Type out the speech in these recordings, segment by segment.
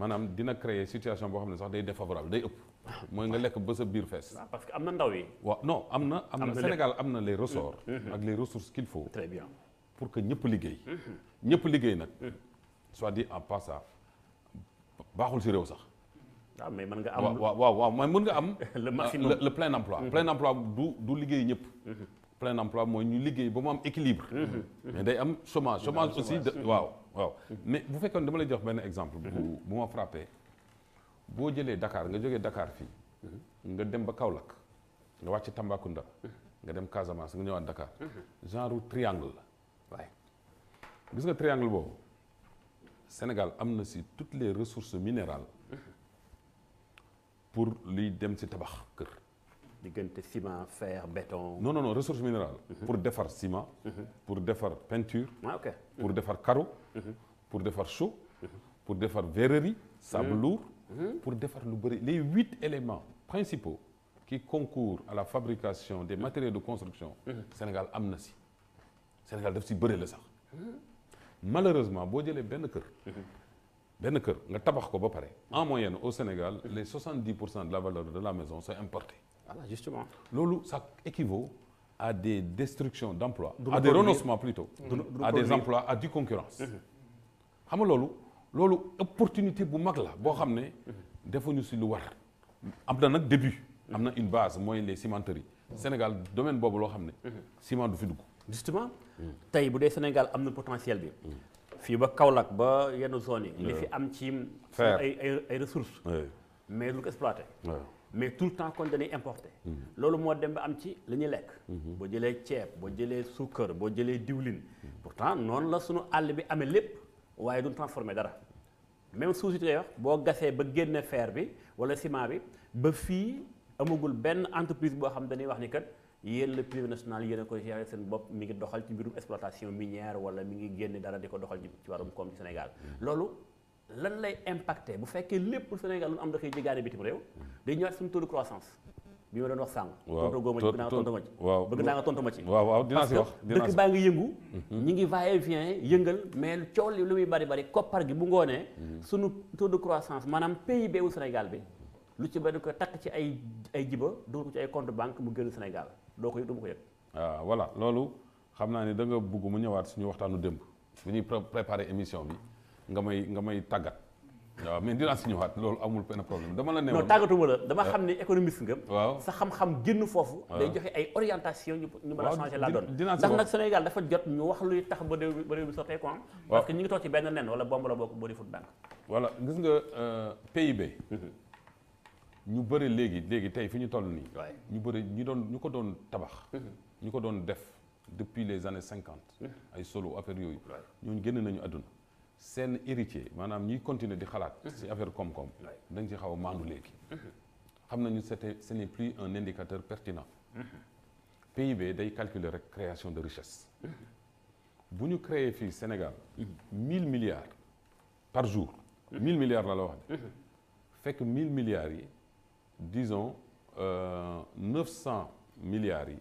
manam dina créer situation bo xamné sax day défavorable day ëpp. moy nga lek ba biir fess ah, parce que amna ndaw yi. wa non amna amna am Sénégal amna les ressorts. Mm-hmm. Mm-hmm. ak les ressources qu'il faut. très bien pour que ñëpp liggéey. Mm-hmm. ñëpp liggéey nak soit dit en passant baaxul ci réew sax. Ah, mais man nga am wa wa wa mais mën nga am. le maximum le plein emploi. plein emploi du du liggéey ñëpp. plein emploi moy ñu liggéey ba mu am équilibre. mais day am chômage chômage aussi waaw waaw mais faites faites dama lay jox un exemple. Vous frapper. Si Vous êtes à Dakar nga jógee Dakar fii. Mhm. nga dem ba Kaolack nga vous Tambacounda. Mhm. nga dem vous nga ñëwaat Dakar. Mhm. genre triangle Oui. Parce que nga triangle Le Sénégal a amené toutes les ressources minérales pour liy dem si tabax kër. ciment fer béton. non non non ressources minérales. pour le ciment. pour la peinture. Ah, pour le carreau. Mm-hmm. pour défaire chaud, mm-hmm. pour défaire verrerie sable lourd mm-hmm. pour défaire le les huit éléments principaux qui concourent à la fabrication des matériaux de construction Sénégal am Sénégal doit si bëri malheureusement en moyenne au Sénégal les 70 de la valeur de la maison sont importés. voilà ah, justement ça équivaut à des destructions d'emplois à des renoncements plutôt à des emplois à du concurrence xam nga loolu loolu opportunité bu mag la boo xam ne defuñu si lu war am na nag début am na une base mooy les cimenteries Sénégal domaine boobu loo xam ne ciment du fi dugg justement tey bu dee Sénégal am na potentiel bi fii ba Kaolack ba yenn zones yi li fi am ci ay ay ressources mais lu ko exploité mais tout le temps kon dañuy importé loolu moo dem ba am ci li ñuy lekk mhm. boo jëlee ceeb boo jëlee sucre boo jëlee diwlin pourtant noonu la suñu àll bi amee lépp waaye duñ transformer dara même sous si ngay wax boo gasee ba génne fer bi wala ciment bi ba fii amagul benn entreprise boo xam dañuy wax ni kat yéen le privé national yéen a koy gérer seen bopp mi ngi doxal ci mbirum exploitation minière wala mi ngi génne dara di ko doxal ci warum koom ci Sénégal loolu lan lay impacté bu fekkee lépp Sénégal lu am da koy jéggaane bitim réew day ñëwaat suñu taux de croissance bi ma doon wax sànq. waaw tontu tontu ma ci bëgg naa nga tontu ma ci. waaw waaw dinaa si wax dëkk baa ngi yëngu. Mhm. ñu ngi vaillé vient yëngal mais coow li lu muy bari bari koppar gi bu ngoonee. Mhm. sunu taux de croissance maanaam PIB wu Sénégal bi lu ci bari ko takk ci ay ay jiba dugal ko ci ay compte banque mu gën Sénégal doo ko yëg du ma ko yëg. waaw ah, voilà loolu xam naa ne da nga bugg mu ñëwaat suñu waxtaanu démb bu ñuy préparé émission bi nga may nga may tàggat. mais un problème dama la néw non la dama euh. économiste nga. xam orientation changer la donne. Sénégal dafa jot ñu wax luy tax parce que ñu ngi tok ci benn nen wala bomb la voilà euh, PIB. ñu ñu depuis les années 50. Mhm. ay solo affaire yoyu ñu nañu aduna un héritier manam ñuy continuer di xalat mhm. ci affaire comme comme dañ ci xaw mhm. c'était ce n'est plus un indicateur pertinent. Mhm. PIB day calculer rek création de richesse. bu ñu créer au Sénégal. 1000 milliards par jour. 1000 milliards la la wax 000 fekk 1000 milliards yi disons 900 euh, milliards yi.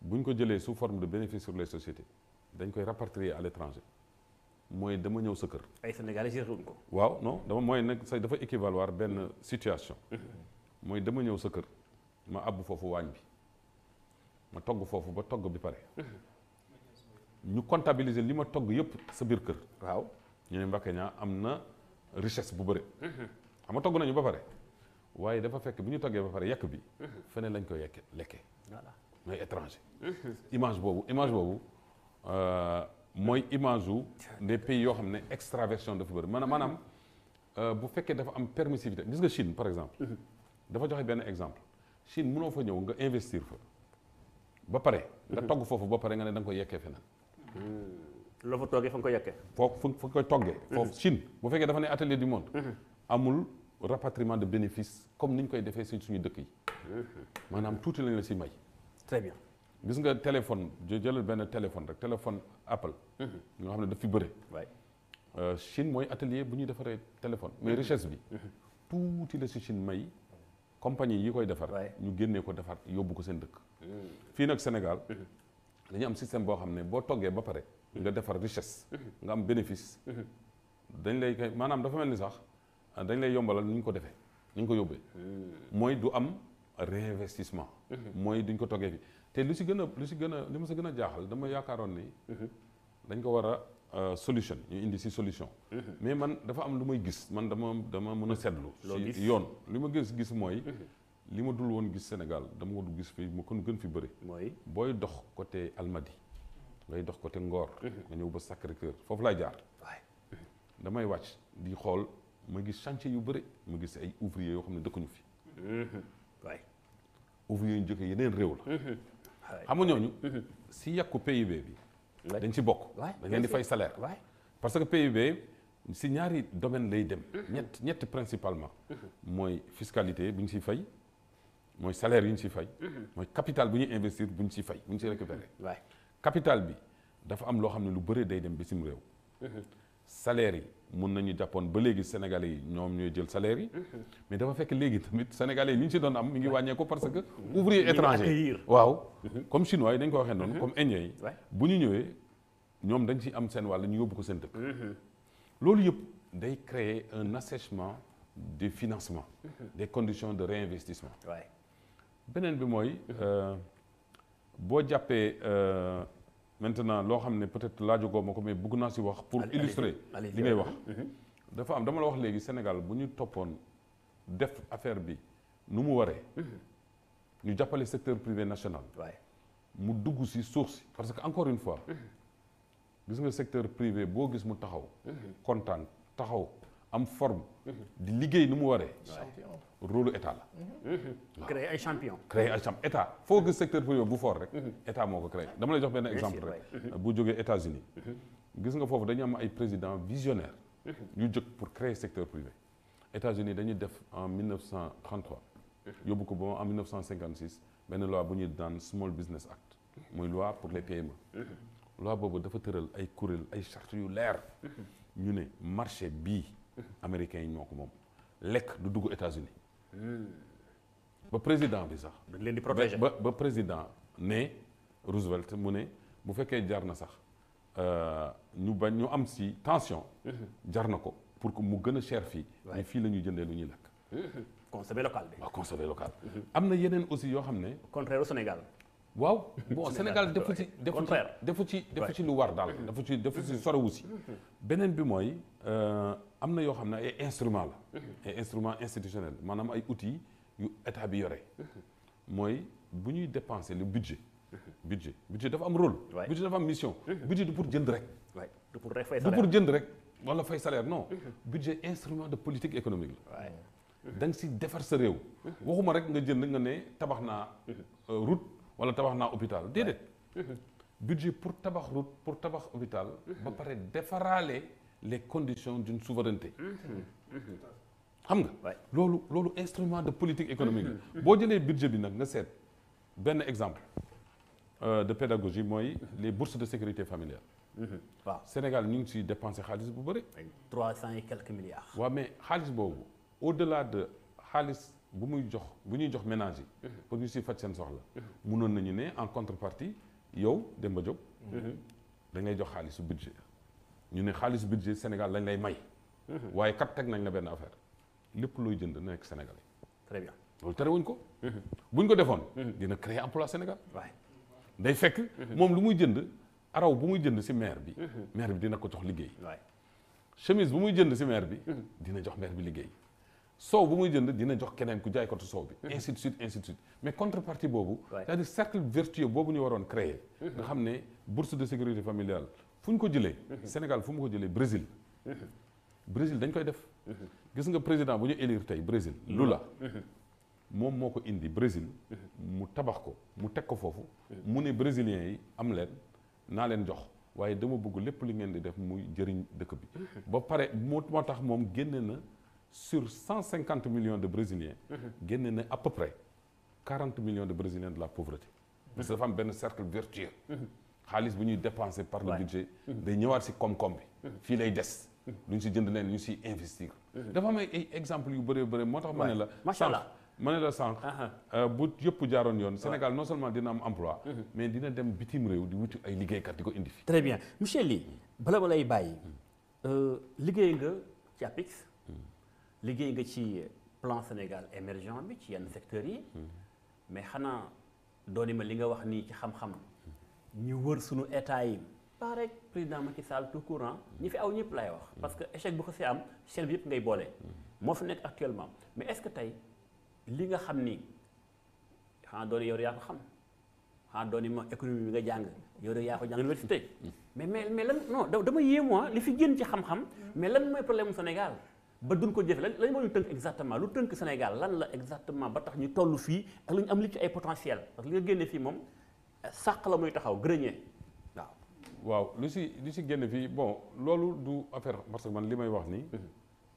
buñ ko sous forme de bénéfice sur les sociétés dañ koy rapatrier à l'étranger moy dama ñëw sa kër. ay Sénégalais ko. waaw non dama moy nak dafa équivaloir ben situation. moy dama ñëw sa kër ma àbb fofu wañ bi ma togg fofu, ba togg bi paré ñu comptabiliser lima togg yépp sa bir kër. waaw ñu ne Mbacké richesse bu xam nga togg nañu ba paré waaye dafa fekk ñu ba paré yekk bi. lañ ko étranger. image boobu image euh, moy image des pays yo ont une extraversion de bëri manam euh bu dafa permissivité gis nga Chine par exemple mhm. dafa joxe ben exemple Chine mënoo fa ñëw nga investir fa ba paré da mhm. togg fofu ba paré nga né hmm. fa fa mhm. Chine bu fekkee dafa né atelier du monde amul rapatriement de bénéfices comme nous. koy investir. suñu dëkk yi très bien gis nga téléphone jëlal benn téléphone rek téléphone Apple. Mhm. nga xam ne daf fi bëre. waay euh, Chine mooy atelier bu ñuy defaree téléphone. mais mhm. richesse bi. Mhm. tuuti la si Chine may. compagnie yi koy defar. ñu génnee ko defar yóbbu ko seen dëkk. fii nag Sénégal. dañu am système boo xam ne boo toggee ba pare. nga defar richesse. nga am bénéfice. dañ lay kay maanaam dafa mel ni sax dañ lay yombalal ni ñu ko defee ni ñu ko yóbbee. mooy du am réinvestissement. mooy duñ ko toggee bi te lu si gën a lu si gën a li ma sa gën a jaaxal dama yaakaaroon ni. Mhm. dañ ko war euh, solution ñu indi si solution. Mhm. mais man dafa am lu gis man dama dama mën a seetlu. si yoon li ma gis gis mooy. Mhm. li ma dul woon gis Sénégal dama ko gis fi mu kon gën fi bëri. mooy booy dox côté Almadi ngay dox côté Ngor. nga ñëw ba Sacré-Cœur foofu laay jaar. damay wàcc di xool ma gis chantier yu bëri ma gis ay ouvrier yoo xam ne dëkkuñu fi. waay ouvrier yu njëkkee yeneen réew xam nga ñooñu si yàqu PIB bi dañ si bokk da ngeen di fay salaire parce que PIB si ñaari domaine lay dem ñett ñett principalement mooy fiscalité bu ñu si fay mooy salaire yu ñu si fay mooy capital bu ñuy investir bu ñu si fay bu ñu si récupérer capital bi dafa am loo xam ne lu bëri day dem bisim réew mhm. salaire yi mën nañu jàppoon ba léegi sénégalais yi ñoom ñooy jël salaire yi mais dafa fekk léegi tamit sénégalais yi ni ñu si doon am mi ngi wàññeeku parce que ouvrier étranger waaw mhm. comme chinois yi dañ ko waxee noonu mhm. comme indien yi bu ñu ñëwee ñoom dañ ci am seen wàll ñu yóbbu ko seen dëkk mhm. loolu yëpp day créer un assèchement des financement des conditions de réinvestissement beneen bi mooy euh, boo jàppee euh, maintenant lo xamné peut-être la ma ko mais bëgg naa wax pour illustrer li ngay wax mhm. dafa am dama la wax légui Sénégal buñu ñu def affaire bi nu mu waree mhm. ñu jappalé secteur privé national mu dugg ci source parce que encore une fois mhm. gis nga secteur privé bo gis mu taxaw content taxaw am forme di liggéey nu mu waree rôle état mhm. créer un champion. créer un champion état que le secteur privé soit fort état exemple mhm. États-Unis président visionnaire mhm. pour créer secteur privé États-Unis ont en 1933 en 1956 ben loi Small Business Act loi pour les PME. loi marché bi américain États-Unis ba président bi sax. dañ di protéger ba ba président né Roosevelt Mouné, Vous bu fekkee jar na sax euh, ñu bañ ñu am si tension. Mhm. jar ko pour que mu gën a cher fii. mais fii la ñuy jëndee lu ñuy lakk. Mhm. local bi. local. Mhm. Amna Yenen aussi yoo contraire au Sénégal. waaw bon Sénégal defu ci defu ci defu ci defu ci lu war dal. defu ci defu ci soriwu si amna yo xamna ay instrument la ay instrument institutionnel manam ay outils yu état bi yoré moy buñuy dépenser le budget budget budget dafa am rôle budget dafa am mission budget du pour jënd rek du pour jënd rek wala fay salaire non budget instrument de politique économique la da nga si defar sa réew waxuma rek nga jënd nga né tabax euh, route wala tabax na hôpital déedéet budget pour tabax route pour tabax hôpital ba paré defaraale les conditions d'une souveraineté. Mm-hmm. Mm-hmm. xam nga loolu loolu instrument de politique économique la mm-hmm. boo budget bi nag nga seet exemple euh, de pédagogie mooy les bourses de sécurité familiale. waaw Sénégal ñu ngi dépensé xaalis bu bëri. et quelques milliards. waaw mais xaalis au delà de xaalis bu muy jox bu ñuy jox ménage pour nous siy faj seen soxla. munoon nañu ne en contrepartie yow Demba Diop. da ngay jox xaalisu budget. ñu ne xaalis budget Sénégal lañ lay may. Mhm. waaye kat teg nañ la benn affaire lépp looy jënd na nekk Sénégal yi. très bien terewuñ ko. Mhm. buñ ko defoon. Mhm. dina créer emploi Sénégal. waay day fekk. moom lu muy jënd araw bu muy jënd si maire bi. maire bi dina ko jox liggéey. waay chemise bu muy jënd si maire bi. dina jox maire bi liggéey. soow bu muy jënd dina jox keneen ku jaay kotu soow bi ainsi de suite ainsi de suite mais contrepartie boobu c'est-à-dire cercle vertueux boobu ñu waroon créer nga xam ne bourse de sécurité familial fu ko jëlee. Sénégal fu mu ko jëlee Brésil. Brésil dañ koy def. gis nga président bu ñu élire tey Brésil. Lula moom moo ko indi Brésil. mu tabax ko mu teg ko foofu. mu ne brésilien yi am leen naa leen jox waaye dama bëgg lépp li ngeen di def muy jëriñ dëkk bi. ba pare moo tax moom génne na sur 150 millions de brésiliens. génne na à peu près 40 millions de brésiliens de la pauvreté. parce que dafa am benn cercle vertueux xaalis bu ñuy dépensé par le budget day ñëwaat si koom-koom bi fii lay des lu ñu si jënd leen ñu siy investir dafa am ay exemple yu bëree bëri moo tax ma ne la macha allah ma ne la sànq ah, ah. Euh, bu yëpp jaaroon yoon Sénégal non seulement dina am emploi mm-hmm. mais dina dem bitim réew di wuti ay liggéeykat di ko indi fi très bien monsieur Ly bala ma lay bàyyi euh, liggéey nga ci APIX mm-hmm. liggéey nga ci plan Sénégal émergent bi ci yenn secteurs yi mm-hmm. mais xanaa dooni ma li nga wax nii ci xam-xam ñu wër suñu état yi paré président Macky Sall tout courant ñi fi aw ñep lay wax mm. parce que échec bu ko fi am chel bi ngay bolé mm. mo fi nek actuellement mais est-ce que tay li nga xam ni ha doon yow yaa ko xam ha doon ma économie bi nga jang yow ya ko jang université mm. mais mais mais lan non dama yéemu ah, li fi génn ci xam-xam mais lan moy problème Sénégal ba duñ ko jëf lan lañ moo ñu tënk exactement lu tënk Sénégal lan la exactement ba tax ñu tollu fi ak lu am li ci ay potentiel parce que li nga génne fi mom sàq la muy taxaw grenier waaw. waaw lu si lu si génn fii bon loolu du affaire parce que man li may wax nii.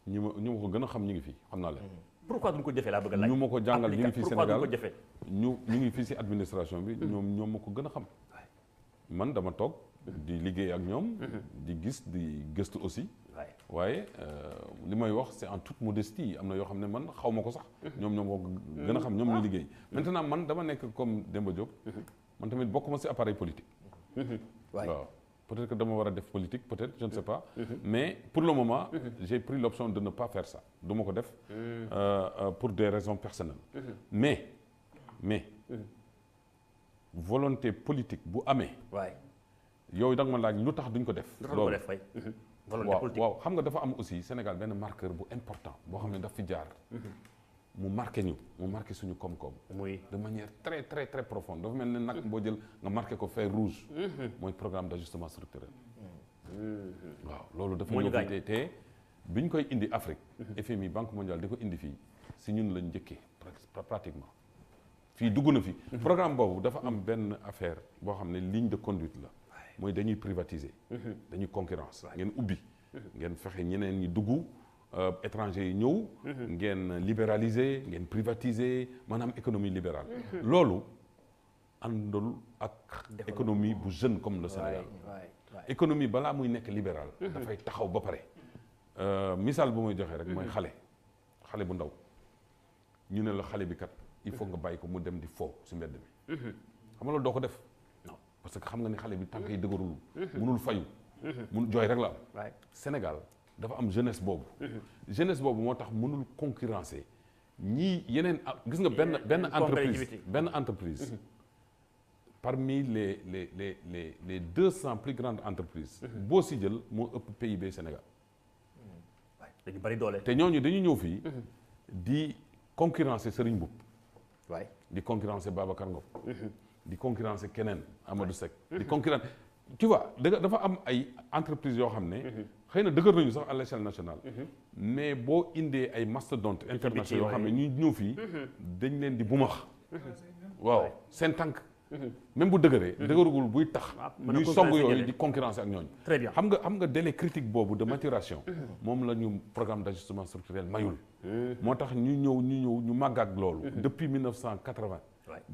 ñu ma ñu ko gën a xam ñu ngi fii xam naa leen. pourquoi duñ ko jëfee laa bëgg a laaj ñu ko jàngal ñu ngi fii Sénégal ñu ñu ngi fii si administration bi. Mm-hmm. ñoom ñoom ma ko gën a xam. man dama toog di mm-hmm. liggéey ak ñoom. Mm-hmm. di gis di gëstu aussi. waaye euh, li may wax c'est en toute modestie am na yoo xam ne man xaw ma ko sax. ñoom ñoom ko gën a xam ñoom ñu ah. liggéey. maintenant man dama nekk comme Demba Diop. man tamit bokkuma à appareil politique. Mhm. peut-être que dama vais def politique peut-être je ne sais pas. Mhm. Mhm. mais pour le moment. j'ai pris l'option de ne pas faire ça euh, euh, pour des raisons personnelles. mais mais. volonté politique bu amee. ma lu tax duñ ko def. volonté politique waaw xam nga dafa am aussi Sénégal marqueur important daf mu marqué ñu mu marqué suñu kom de manière très très très profonde dafa mel ne nag boo jël nga fer rouge. Mm-hmm. mooy programme d'ajustement structurel. Mm-hmm. waaw dafa koy Afrique. Mm-hmm. FMI Banque mondiale di indi si ñun pratiquement programme boobu dafa am affaire ligne de conduite la. mooy privatiser. dañuy concurrence ngeen ubbi. ngeen euh, étranger yi ñëw. Mhm. ngeen libéraliser ngeen privatiser madame économie libérale. Mhm. lolo andol ak. économie bu jeune comme le Sénégal. économie bala muy nekk libérale. fay taxaw ba Euh, misal bu may joxe rek moy mhm. xalé, xalé bu ndaw ñu né la xalé bi kat. il faut nga bàyyi ko mu dem di fo si mbedd mi. xam nga loolu doo ko def. parce que xam nga ni xalé bi tànk yi dëgërul. munul fayu. Mënul joy rek la Sénégal dafa am jeunesse bobu jeunesse bobu motax mënul concurrencer nga entreprise entreprise. Mhm. parmi les les les les plus grandes entreprises. Mhm. bo si jël PIB Sénégal. dañu bari dañu ñëw mhm. di concurrencer Serigne di concurrencer Babacar di concurrencer Kenen Amadou tu vois dafa am ay entreprises yoo xam ne. Mhm. xëy na dëgër nañu sax à nationale. Mhm. mais boo indé, ay mastodonte internationaux yoo xam ne ñu ñëw fii. Mhm. dañ leen di bumax. waaw seen tànk. même bu dëgëree. dëgërugul buy tax. Ah, ñuy song yooyu di concurrence ak ñooñu. très bien xam nga xam nga délai critique boobu de maturation. moom la ñu programme d'ajustement structurel mayul. moo tax ñu ñëw ñu ñëw ak loolu. depuis 1980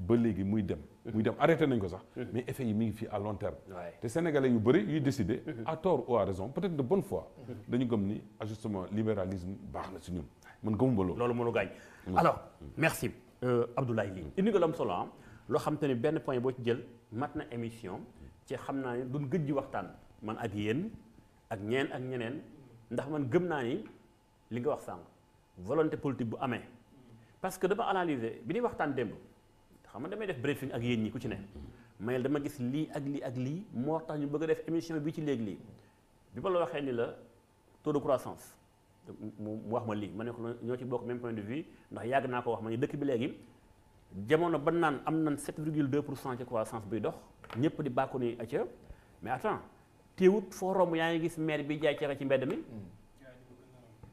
ba léegi muy dem muy dem arrêté nañ ko sax mm-hmm. mais effet yi mi ngi à long terme te sénégalais yu bëri yu mm-hmm. décidé mm-hmm. à tort ou à raison peut-être de bonne foi dañu gëm ni ajustement libéralisme baax na si ñun man gëmuma loolu loolu mënu gaañ alors merci euh, Abdoulaye Ly indi nga lu am solo ah, loo xam te ne benn point boo ci jël mat na émission ci xam naa ne duñ gëj ji waxtaan man ak yéen ak ñeen ak ñeneen ndax man gëm naa ni li nga wax sànq volonté politique bu amee parce que dama analyser bi ni waxtaan démb xam nga damay def briefing ak yéen ñi ku ci ne mayel dama gis lii ak lii ak lii moo tax ñu bëgg a def émission bi ci léegi lii bi ma la waxee ni la taux de croissance mu wax ma lii ma ne ko ñoo ci bokk même point de vue ndax yàgg naa ko wax ma ne dëkk bi léegi jamono ba naan am nañ 7 virgule 2 pour cent ci croissance buy dox ñëpp di bàkku ni acca mais attends téewut foo romb yaa ngi gis maire bi jaay cere ci mbedd mi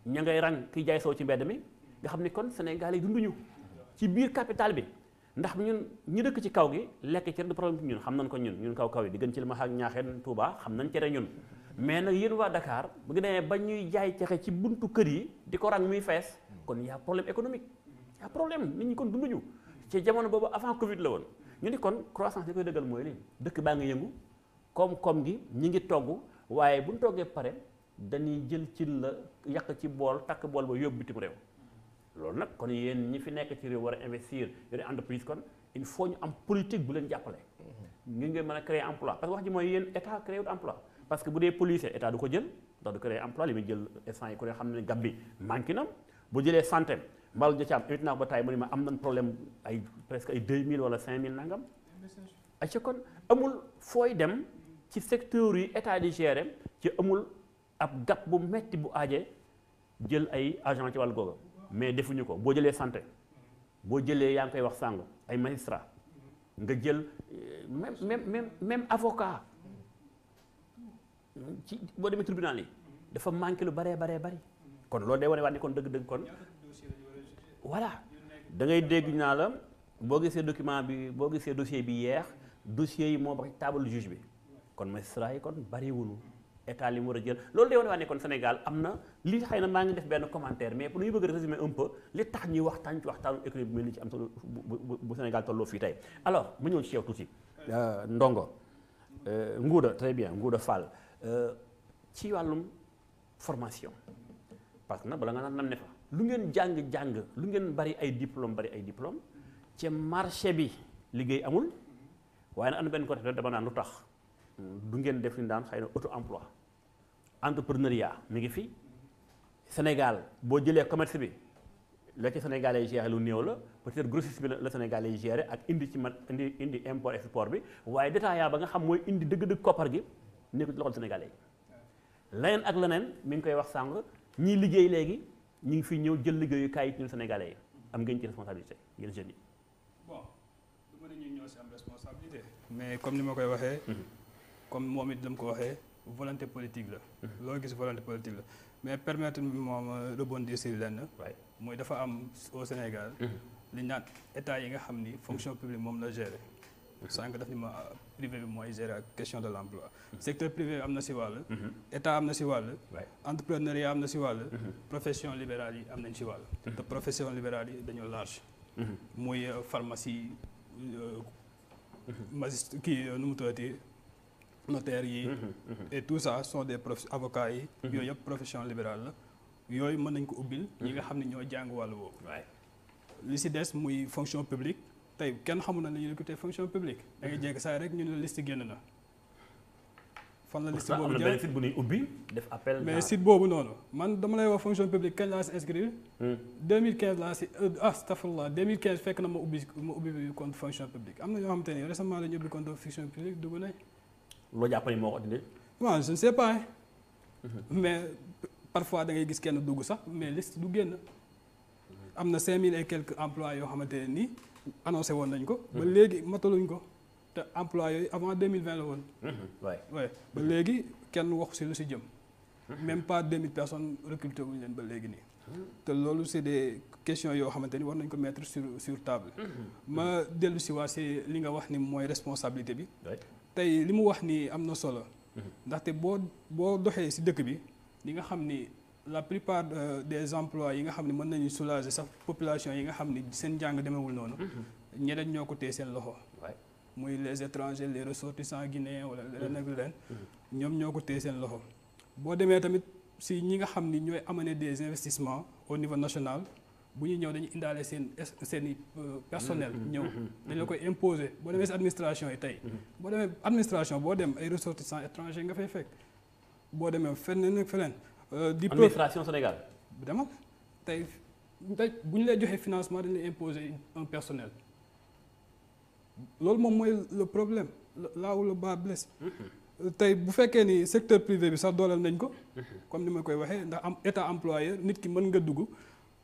ña ngay rang kiy jaay soow ci mbedd mi nga xam ni kon Sénégal yi dunduñu ci biir capital bi ndax ñun ñu dëkk ci kaw gi lekk cere du problème ci ñun xam nañ ko ñun ñun kaw kaw yi diggante ci li ma ak ñaaxeen Touba xam nañ cere ñun mais nag yéen waa dakaar bu ngi demee ba ñuy jaay cexe ci buntu kër yi di ko rang muy fees kon y a problème économique y a problème nit ñi kon dunduñu ci jamono boobu avant Covid la woon ñu ni kon croissance li koy dëggal mooy lii dëkk baa ngi yëngu koom-koom gi ñu ngi togg waaye bu ñu toggee pare dañuy jël cin la yàq ci bool takk bool ba yóbbu bitim réew loolu nag kon yéen ñi fi nekk ci réew war a investir yore entreprise kon il faut ñu am politique bu leen jàppale. ngir ngeen mën a créer emploi parce que wax ji mooy yéen état créé wut emploi. parce que bu dee policier état du ko jël ndax du créer emploi li muy jël instant yi ku xam ne gab bi na bu jëlee santé mbal ja ci am évite naa ba taay mu ne ma am nañ problème ay presque ay 2000 wala 5000 nangam. ay ci kon amul fooy dem ci secteur yi état di gérer ci amul ab gab bu metti bu aaje jël ay agent ci wàll googu. mais defuñu quoi? boo jëlee santé euh, même même même même avocat ci tribunal yi dafa manqué lu kon voilà da ngay dégg vous la documents, dossier bi dossier table juge état li mu war a jël loolu day wane waa ne kon Sénégal am na li xëy na maa ngi def benn commentaire mais pour ñu bëgg résumer un peu li tax ñuy waxtaan ci waxtaanu économie mel ni ci am solo bu Sénégal tolloo fii tey alors ma ñëw ci yow tuuti euh, Ndongo euh, Ngouda très bien Ngouda Fall euh, ci wàllum formation parce que nag bala nga naan nan ne fa lu ngeen jàng-jàng lu ngeen bari ay diplôme bari ay diplôme ci marché bi liggéey amul waaye na am na benn côté dama naan lu tax hmm, du ngeen def li daan xëy na auto emploi entrepreneuriat mi ngi fi Sénégal boo jëlee commerce bi la ci Sénégalais yi géré lu néew la peut-être grossiste bi la Sénégalais yi ak indi ci mat indi indi import export bi waaye détaillant ba nga xam mooy indi dëgg-dëgg koppar gi nekkul loxol Sénégalais yi leneen ak leneen mi ngi koy wax sànq ñiy liggéey léegi ñu ngi fi ñëw jël liggéeyukaay yi ñun Sénégalais yi am ngeen ci responsabilité ngeen jeunes responsabilité. mais comme ni ma koy waxee. Mhm. comme moom it dam ko waxee. volonté politique la. Mhm. loo gis volonté politique la mais permettre moom rebondir si lenn. mooy dafa am au Sénégal. Mhm. li naan état yi nga xam ni fonction mhm. publique moom la gérer. sànq daf ni ma privé bi mooy gérer question de l' emploi. secteur privé am na si wàll. état am na si wàll. entrepreneuriat am na si wàll. profession libérale yi am nañ si wàll. te profession libérale yi dañoo large. muy euh, pharmacie euh, magist kii euh, nu mu tuddati notaire yi. Mhm, mhm. et tout ça sont des avocats yi. Mhm. yooyu yëpp profession libérale yoy meun nañ ko oubil ñi nga xamni ne ñoo jàng wàll woowu. ci dess des muy fonction publique tay kenn xamul na ñu recruter fonction publique. da ngay jégg saa rek ñu ne la liste génn na. fan la liste bobu jël site bu ñuy ubbi def appel mais site bobu noonu man dama lay wax fonction publique kañ la si inscrire. 2015 hmm. la si euh, astaghfirullah 2015 fekk na ma ubbi ma ubbi compte fonction publique am na ñoo xamante récemment la ñu ubbi compte fonction publique dugg nañ. Je ne sais pas. Hein. Mhm. Mais parfois, il y a des gens qui mais ont gens ça. Il y a 5 000 et quelques employés, qui ont annoncé. Mais les gens qui avant 2020. Oui. Mais les gens qui ont aussi Même pas 000 personnes recrutées. Mhm. C'est des questions nous ont mettre sur la table. Mais c'est ce que je responsabilité tay limu wax ni amna na solo mhm. ndaxte boo bo doxé ci dëkk bi li nga xamni la plupart euh, des emplois yi nga xamni mën nañu soulager sa population yi nga xamni ni seen njàng demewul noonu mhm. ñeneen ñoo ko téye seen loxo muy les étrangers les ressortissants guinéens wala mhm. les nigériens ñom ñoko té ko seen loxo bo démé tamit si ñi nga xamni ñoy ñooy amener des investissements au niveau national bu ñuy ñëw dañuy indaale seen seen i euh, personnel mm-hmm. ñëw mm-hmm. dañ la koy imposer boo demee administration yi tey mm-hmm. boo demee administration boo dem ay ressortissants étrangers nga fay fekk boo demee feneen ak euh, feneen di administration Sénégal dama tey tey bu ñu lay joxee financement dañ lay imposer un personnel loolu moom mooy le problème là où le bât blesse tey bu fekkee ni secteur privé bi sax dooleel nañ ko comme ni ma koy waxee ndax am état employeur nit ki mën nga dugg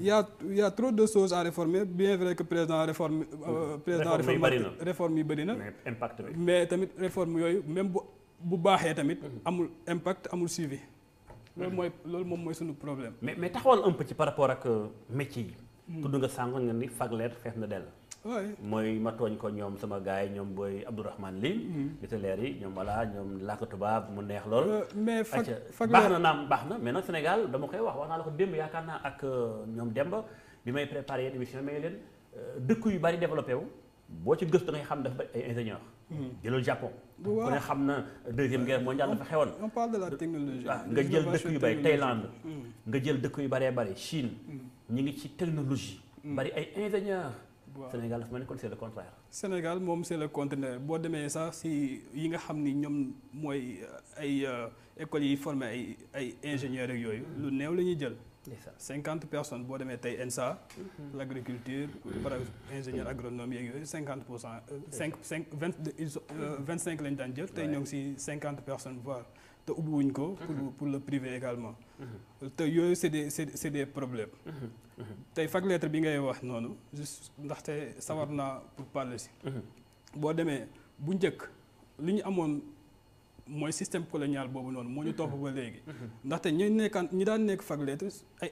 yaa y a il y a trop de choses à réformer bien vrai que président réforme. président euh, réforme yi bëri na impact mais tamit réforme yooyu même bu bu baaxee tamit. Mhm. amul impact amul suivi. loolu mooy loolu moom mooy suñu problème. mais mais taxawal un peu par rapport ak euh, métier yi. Hmm. tudd nga sànq nga ni fagleer fees na dell. mooy ma tooñ ko ñoom sama gars yi ñoom booy Abdourahmane Ly gitaleer hmm. yi ñoom voilà ñoom làkk tubaab mu neex lool euh, mais fag baax na mu baax na mais nag Sénégal dama koy wax wax naa la ko démb yaakaar naa ak euh, ñoom Demba bi may préparé yenn émission leen euh, dëkk yu bari développé wu boo ci gëstu da ngay xam dafa bari ay ingénieur hmm. jëlal Japon ku ne xam na deuxième guerre mondiale dafa xewoon on parle de la technologie ah, nga jël dëkk yu bari Thaïlande nga jël dëkk yu baree bari Chine hmm. ñi ngi ci technologie bari ay ingénieur Sénégal dafa mel ni kon c'est le contraire. Sénégal moom c'est le contraire boo demee sax si yi nga xam ni ñoom mooy euh, ay euh, écoles yi formé ay ay ingénieurs ak yooyu lu néew la ñuy jël. cinquante personnes boo demee tey ENSA. Mhm. l'agriculture para ingénieur agronomie yeeg yooyu cinquante pour cent. Euh, cinq cinq vingt mhm. vingt cinq lañu daan jël. tey ñoo ngi si cinquante personnes voire te ubbiwuñ ko. pour mhm. pour le privé également. te yooyu c'est des c'est des problèmes tay you lettre bi ngay wax parler si. Mhm. système colonial bobu non moñu ñi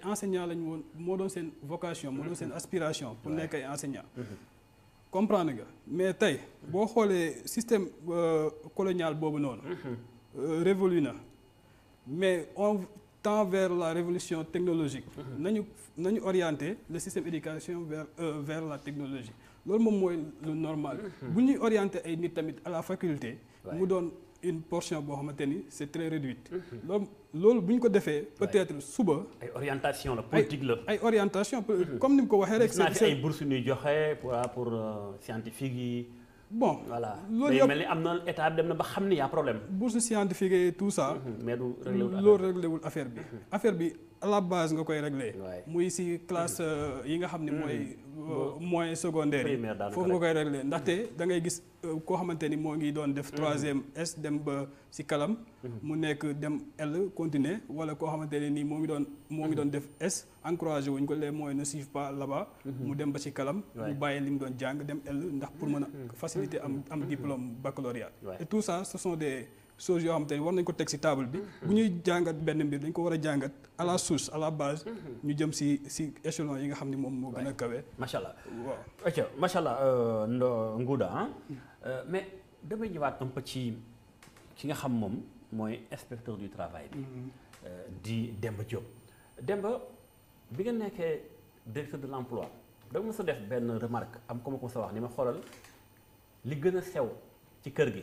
enseignants vocation mhm. aspiration pour nekk ay enseignants. Mhm. comprendre nga mais système euh, colonial bobu euh, révolu mais on tend vers la révolution technologique. Nous mhm. nous orienter le système éducation vers euh, vers la technologie loolu moom mooy le normal. Mhm. bu nous orienter ay nit tamit à la faculté. Nous donne une portion pour maintenir, c'est très réduite. Mhm. Lors, loolu bu ko peut-être suba. ay orientation la politique là. ay orientation comme nous mu ko avec rek. c'est ay bourses pour pour euh, scientifique yi bon voilà y a na y' a problème. bourse scientifique et tout ça. Mhmm, mais du la base nga koy régler classe euh, yi nga mm-hmm. euh, moyen secondaire on nga koy régler mm-hmm. da ngay gis euh, def mm-hmm. troisième S dem ba ci kalam mu dem L continuer wala ko xamanteni on def S encourager wuñ ko les ne pas là-bas mu dem ba ci dem L pour faciliter diplôme baccalauréat et tout ça ce sont des choses yoo xam te war nañ ko teg si table bi mm-hmm. bu ñuy jàngat benn mbir dañ ko war a jàngat à la source à la base mm-hmm. ñu jëm si si échelon yi nga xam ne moom moo gën a kawe macha allah waaw ok macha allah euh, Ngouda ah mais damay ñëwaat un ci ki nga xam moom mooy inspecteur du travail bi mm-hmm. euh, di Demba Diop Demba bi nga nekkee directeur de l'emploi dama mës a def benn remarque am ko ma ko mës wax ni ma xoolal li gën a sew ci kër gi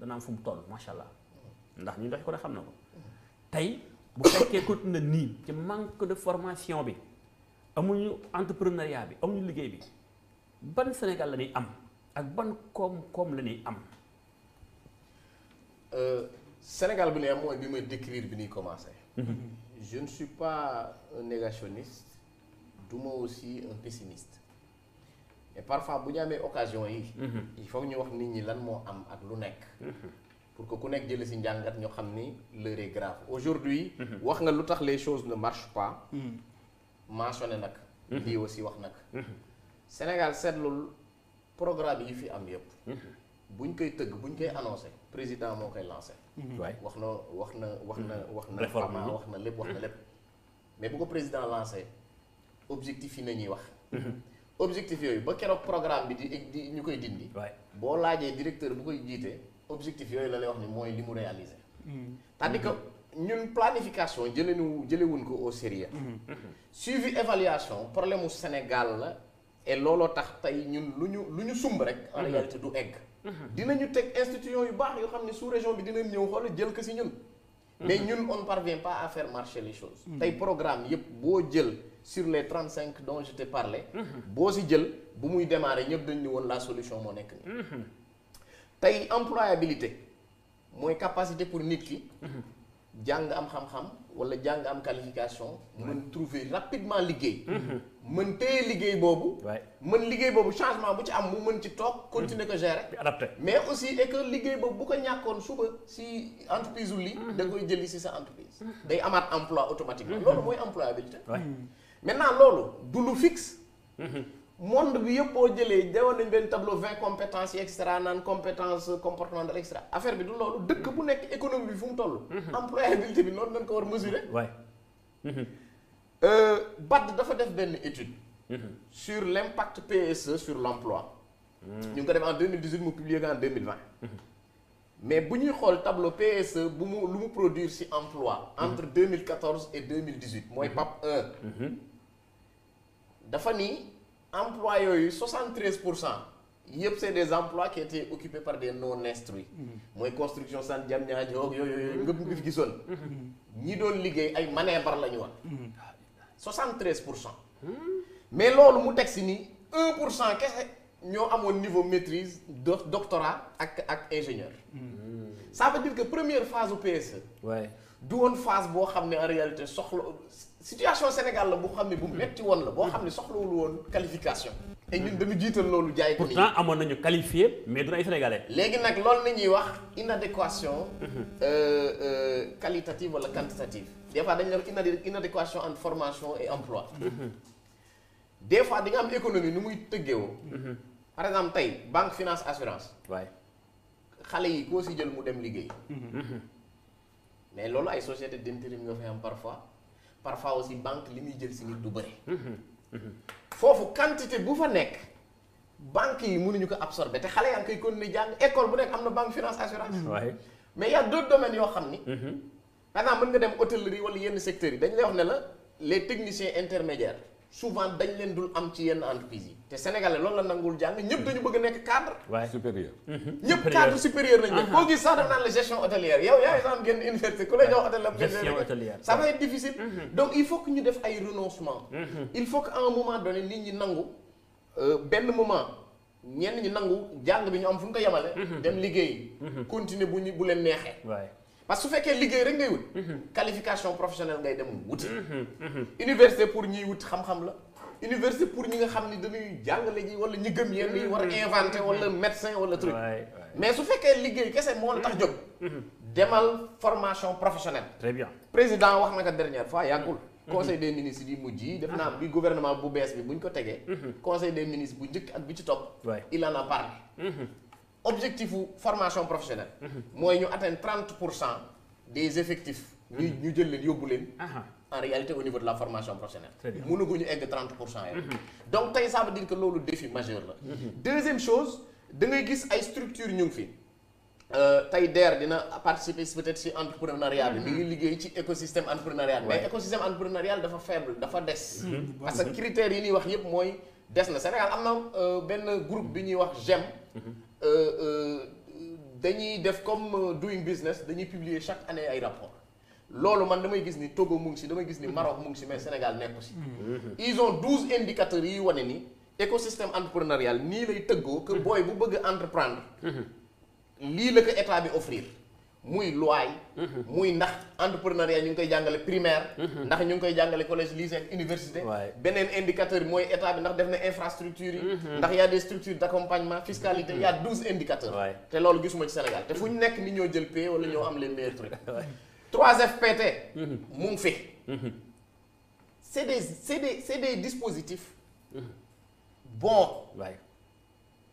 dana am fu mu toll macha ndax ñu dox ko ne xam na ko tey bu ko continué ni ci manque de formation bi amuñu entrepreneuriat bi amuñu liguey bi ban Sénégal la ñuy am ak ban koom-koom la ñuy am. Euh, Sénégal bu ne am mooy bi may décrire bi ni commencé. Mhm. je ne suis pas un négationniste du aussi un pessimiste et parfois bu amé occasion yi. Mhm. il faut ñu wax nit ñi lan mo am ak lu nekk. Mhm. pour que ku nekk jël ci jangat ñu xamni ni l'heure est grave aujourd'hui mhm. wax nga lutax les choses ne marchent pas. mentionné nak lii aussi wax nak Sénégal seetlul programme yi fi am yépp buñ koy tëgg buñ koy annoncer président moo koy lancé. waay wax na wax na wax na wax na. réforme wax na lépp wax na lépp. mais bu ko président lancé objectif yi na ñuy wax objectif yooyu ba programme bi di e, directeur bu koy jiite objectif la mm-hmm. tandis que nous planification une planification au sérieux mm-hmm. Mm-hmm. suivi évaluation problème au Sénégal la. et looloo tax tey ñun lu ñu lu rek. réalité du institution yu région mais nous on ne parvient pas à faire marcher les choses. tey programme sur les 35 dont je t'ai parlé. Mhm. boo si jël bu muy démarrer ñëpp dañ ni la solution moo nekk nii. Mhm. tey employabilité mooy capacité pour nit ki. Mhm. jàng am xam-xam wala am qualification. mën trouver rapidement liggéey. mën téye liggéey boobu. mën liggéey boobu changement bu ci am mu mën ci continuer ko gérer. adapté mais aussi et que liggéey boobu bu ko ñàkkoon suba si entreprise wu lii. da koy jëli si sa entreprise. day amaat emploi automatiquement. loolu mooy employabilité maintenant lolo, du lu fixe. Mhm. monde bi yepp boo jëlee jawoon nañ un tableau 20 compétences yi extra naan compétences etc. extra affaire bi du lolu dëkk bu nekk économie bi fu mu toll. Mhm. employabilité bi non dañ ko war a mesurer. Mhm. Euh, BAD dafa def ben étude. sur l'impact PSE sur l'emploi. ñu ko def en 2018, mu publier en 2020. Mais si mais bu ñuy xool tableau PSE bu mu lu mu produire ci emploi. entre 2014 et 2018, moy PAP 1 dafa ni emplois 73 c'est des emplois qui étaient occupés par des non instruits hmm. mooy construction san jam ñaajoog yooyu yooyu ngëpp hmm. ngi fi gisoon hmm. ñi doon liggéey ay manœuvre la 73 mais là mu teg si 1 pour cent kese ñoo de niveau maîtrise doctorat ak ak ingénieur ça veut dire que première phase au PSE du une phase boo xam en réalité situation Sénégal la bu xam ne bu metti woon la boo xam ne qualification. et ñun dañu jiital loolu jaay ko pourtant amoon nañu qualifié mais du ay sénégalais. léegi nag loolu une wax inadéquation. Mhm. Euh, euh, qualitative ou quantitative. des fois dañu la inadéquation entre formation et emploi. Mhm. des fois di nga am économie nu muy tëggeewoo. Mhm. par exemple tey banque finance assurance. waay xale yi koo si jël mu dem liggéey. mais loolu ay société d'intérim parfois. parfois aussi banque li muy jël si nit du bëri. Mhm. Mhm. foofu quantité bu fa nekk banque yi mënuñu ko absorber te xale yaa ngi koy continuer jàng école bu nekk am na banque finance assurance. Mhm. mais y a d'autres yoo xam ni. par exemple mën nga dem hôtellerie wala yenn secteurs yi dañ lay wax ne la les techniciens intermédiaires. souvent dañ leen dul am ci yenn entreprise yi te sénégalais loolu la nangul jàng ñëpp dañu bëgg nekk cadre. waay supérieur. Mhm. ñëpp cadre supérieur nañu ne. koo gis sax daf naan la gestion hôtelière yow yaa ngi naan génn université ku lay jox hôtel la. gestion hôtelière ça va difficile. Mhm. donc il faut que ñu def ay renoncement. Mhm. il faut que à moment donné nit ñi nangu euh, benn moment. ñenn ñi nangu jàng bi ñu am fu ñu ko yemale. dem liggéey. continuer bu ñu bu leen neexee. parce que su qualification professionnelle mhm, mhm. université pour université pour ñi nga ni dañuy ji mhm, médecin truc mais su quest les la tax pour formation professionnelle. très bien président dernière fois conseil des ministres dit ah. gouvernement bu le conseil des ministres il en a parlé objectif de formation professionnelle. Moi, ñu atteindre 30 des effectifs. ñu mhm. ñu jël en réalité au niveau de la formation professionnelle. très bien mënaguñu 30 mhm. donc ça veut dire que c'est le défi majeur mhm. deuxième chose da ngay gis ay structures ñu nous fi. Euh, tey DER participer peut-être à l'entrepreneuriat, mais il y a ci écosystème entrepreneurial. mais écosystème entrepreneurial est faible dafa des. parce que critères yi ñuy wax yépp mooy des na Sénégal un euh, groupe bi j'aime. wax Euh, euh, dañuy def comme euh, doing business dañuy publier chaque année ay rapport loolu man damay gis ni Togo mu si damay gis ni Maroc mu ngi si mais Sénégal nekku si. Mm-hmm. ils ont douze indicateurs yi wane ni écosystème entrepreneurial nii lay tëggoo que mm-hmm. booy bu bëgg entreprendre. Mm-hmm. lii la ko état bi offrir. muy loi mhm. muy ndax entrepreneuriat ñu ngi koy jàngale primaire. Mhm. ndax ñu ngi koy collège lycée université. université. un indicateur bi état bi ndax def infrastructure mhm. dans les y a des structures d'accompagnement, fiscalité, il y a douze indicateurs. C'est loolu gisuma ci Sénégal te fu ñu nekk ni ñoo jël pay wala ñoo am les meilleurs trucs. 3FPT. c'est ce fi. c' fait. des des des dispositifs. bon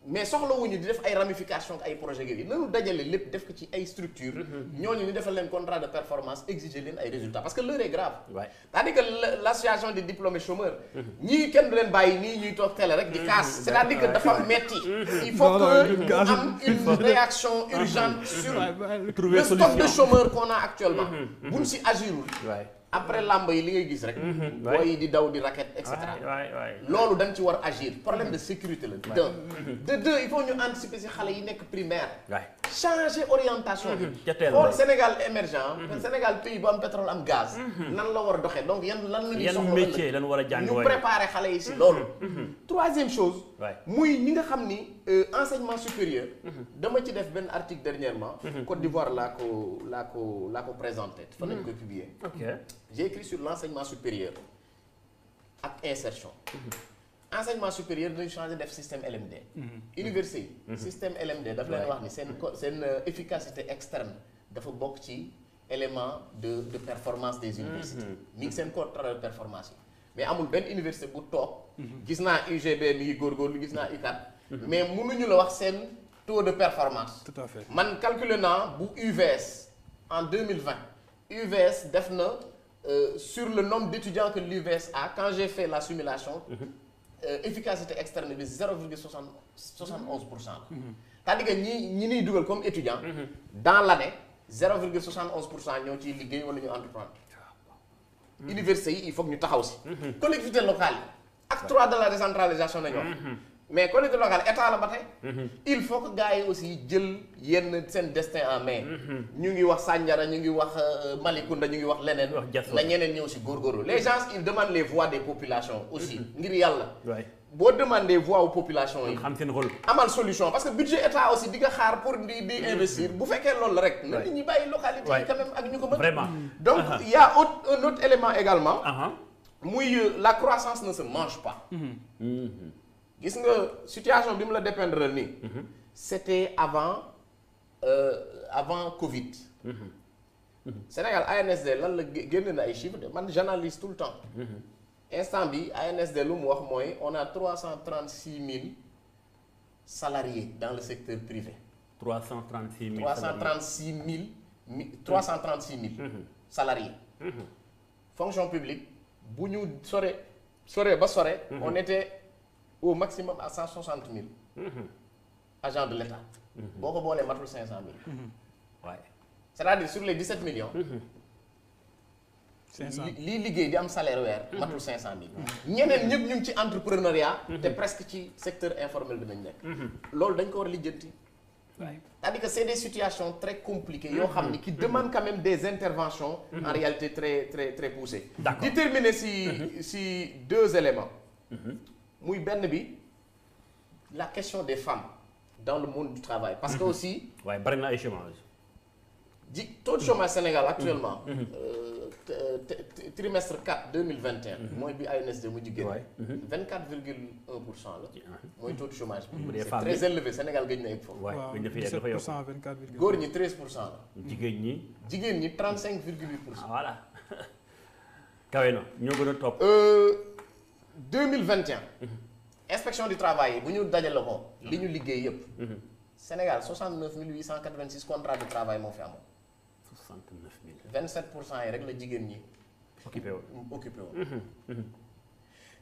mais soxlawuñu di def ay ramifications ak ay projet yooyu nanu dajale lépp def ko ci ay structure mm-hmm. ñooñu ñu defal leen contrat de performance exiger leen ay résultats parce que l'heure est grave c'est-à-dire que l'association des diplômés chômeurs mm-hmm. ñii kenn du leen bàyyi nii ñuy toog télé rek di casse mm-hmm. c'est-à-dire que dafa métier. il faut que am une réaction urgente sur le stock de chômeurs qu'on a actuellement buñ si agirul après làmb yi li ngay gis rek. Mhm. booy yi di daw di raquette et cetera. loolu dañ ci war agir problème de sécurité la. de deux il faut ñu anticiper si xale yi nekk primaire. changer orientation mhm. bi. le Sénégal émergent. Mhm. Sénégal pays bu pétrole am gaz. Mhm. nan la wara a donc yan lan la ñuy soxla métier lan wara a préparer xalé yi loolu. troisième chose. muy ñi nga xamni euh, enseignement supérieur. dama ci def un article dernièrement. Côte d'Ivoire la ko la ko la ko présenté. fan lañ publier. ok j'ai écrit sur l'enseignement supérieur ak insertion enseignement supérieur dañu changé le système LMD. Mhm. université mhm. système LMD c'est une ni euh, efficacité externe Il faut ci élément de de performance des mhm. universités. mais un seen contrat de performance Mais mais amul benn université bu top. gis naa UGB mi ngi góorgóorlu gis naa UCAD. mais mënuñu la wax un taux de performance. tout à fait man calcule pour bu UVS en 2020 UVS euh, sur le nombre d'étudiants que l'UVS a quand j'ai fait la simulation. Euh, efficacité externe bi zéro virgule soixante soixante onze pour cent la. Mm-hmm. c'est-à-dire que ñi ñi ñuy dugal comme étudiant. Mm-hmm. dans l'année zéro virgule soixante onze pour cent ñoo ciy liggéey wala ñu entreprendre. Mm-hmm. université yi il faut ñu taxaw si. collectivités locales yi. acte trois de la décentralisation la ñu mais collectivité locale état la ba mhm. il faut que gars aussi jël yenn sen destin en main. Mhm. ñu ngi wax Sandiara ñu ngi wax euh, malikunda ñu ngi wax leneen. na ñeneen ci gor gorou les gens ils demandent les voix des populations. aussi mhm. ngir yalla bo demander voix aux populations yi. xam rôle. amal solution parce que budget état aussi di nga xaar pour di di investir bu fekkee loolu rek. na nit ñi bàyyi localité quand même ak ñuko vraiment donc il uh-huh. y a un autre élément également. Uh-huh. muy euh, la croissance ne se mange pas c'est une situation qui me dépend de mhm. c'était avant, euh, avant Covid. C'est -hmm. Mhm. Sénégal, ANSD, là, le y a des chiffres, j'analyse tout le temps. Mm -hmm. Instant ANSD, on a 336 000 salariés dans le secteur privé. 336 000 336 000, 336 000 salariés. Mhm. Fonction publique, on était au maximum à 160 000 agents de l'État. Bon, on 500 000. C'est-à-dire sur les 17 millions, les ligues d'un salaire 500 000. Nous avons a même entrepreneuriat, mhm. presque le secteur informel de l'Indien. L'ordre C'est-à-dire que c'est des situations très compliquées mhm. qui mhm. demandent quand même des interventions en réalité très, très, très poussées. Déterminer si, deux éléments muy benn bi la question des femmes dans le monde du travail. parce que mhm. aussi. waaye bari na chômage. ji taux de chômage au Sénégal mhm. actuellement. Mhm. Euh, trimestre 4 2021. mooy bi ANSD mu jigéen. waay taux de chômage bi. bu c'est très élevé Sénégal gëj na yegg foofu. 17 24 virgule ñi 13 pour cent la. jigéen ñi. jigéen ñi ah, voilà kawe na ñoo gën a 2021 inspection du travail yi bu ñu dajale liggéey Sénégal 69 886 contrats de travail moo fi 69 000 27 pour cent yi rek la ñi occupé woon occupé woon mhm. Mhm.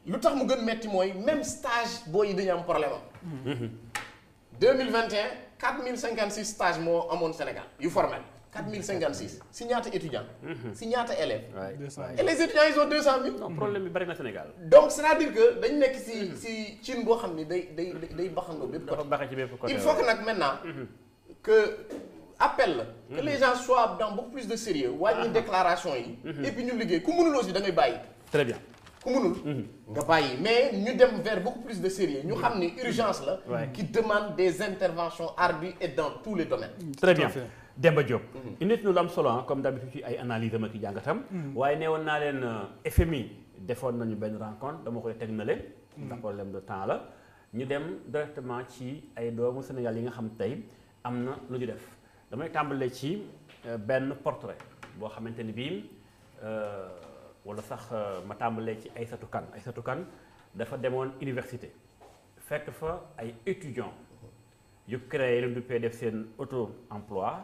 lu tax mu gën même stage boo yi dañu am problème 2021 4056 stages moo Sénégal yu formel 4056 si étudiants. Mhm. si élèves. et les étudiants ils ont 200000. non problème bi bari au Sénégal. donc c'est-à-dire que dañ si si cin boo xam ni day il faut que maintenant. Mhm. que appel mhm. que les gens soient dans beaucoup plus de sérieux une ah. déclaration et puis nous liggéey ku nous aussi da ngay très bien. ku mënul nga mais nous dem vers beaucoup plus de sérieux Nous avons une urgence là qui demande des interventions ardues et dans tous les domaines. très bien. Demba Diop. Mhm. indi it lu am solo ah, comme d'habitude ci ay analyse ma ki jàngatam. Mhm. waaye nee woon naa leen euh, FMI defoon nañu benn rencontre dama koy teg na leen. Mhm. ndax problème de temps la. ñu dem directement ci ay doomu Sénégal yi nga xam tey am na lu ñu def damay tàmbale ci euh, benn portrait boo xamante ni bii euh, wala sax ma tàmbalee ci Aïssatou Kane Aïssatou Kane dafa demoon université fekk fa ay étudiants yu créé lu ñu duppee def seen auto emploi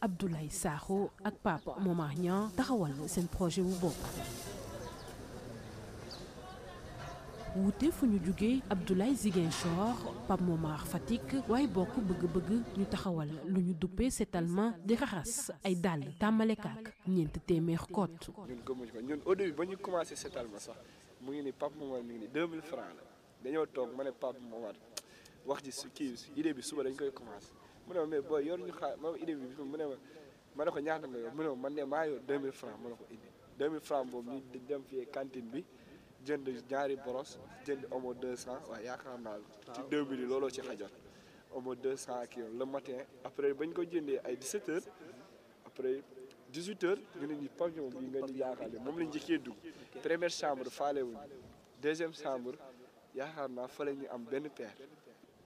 Abdoulaye Sakho ak Pape Momar Niang taxawal seen projet wu bopp wuute fu ñu jóge Abdoulaye Ziguinchor Pape Momar Fatik, waaye bokk bëgg-bëgg ñu taxawal lu ñu duppee seetalement di raxas ay dàll tàmmale kaak ñeent téeméer koot. ñun gëmuñu ko ñun au début ba ñu commencé seetalement sax mu ngi ni Pape Momar mi ngi ni 2000 francs la dañoo toog ma ne Pape Momar wax ji su kii idée bi suba dañ koy commencé. mu ne ma mais booy yor ñu xaar ma idée bi mu ne ma ma ne ko ñaata nga yor mu ne ma man de maa yor 2000 francs ma ne ko indi 2000 francs boobu ñu dem fii cantine bi jënd ñaari boros jënd omo 200 waaw yaakaar naa ci 2000 yi looloo ci xajoon omo 200 kii le matin après bañ ko jëndee ay 17 heures après 18 heures ñu ne ñu pavillon bi nga ñu yaakaar moom lañ njëkkee dugg première chambre faale wuñu deuxième chambre yaakaar naa fa la ñu am benn paire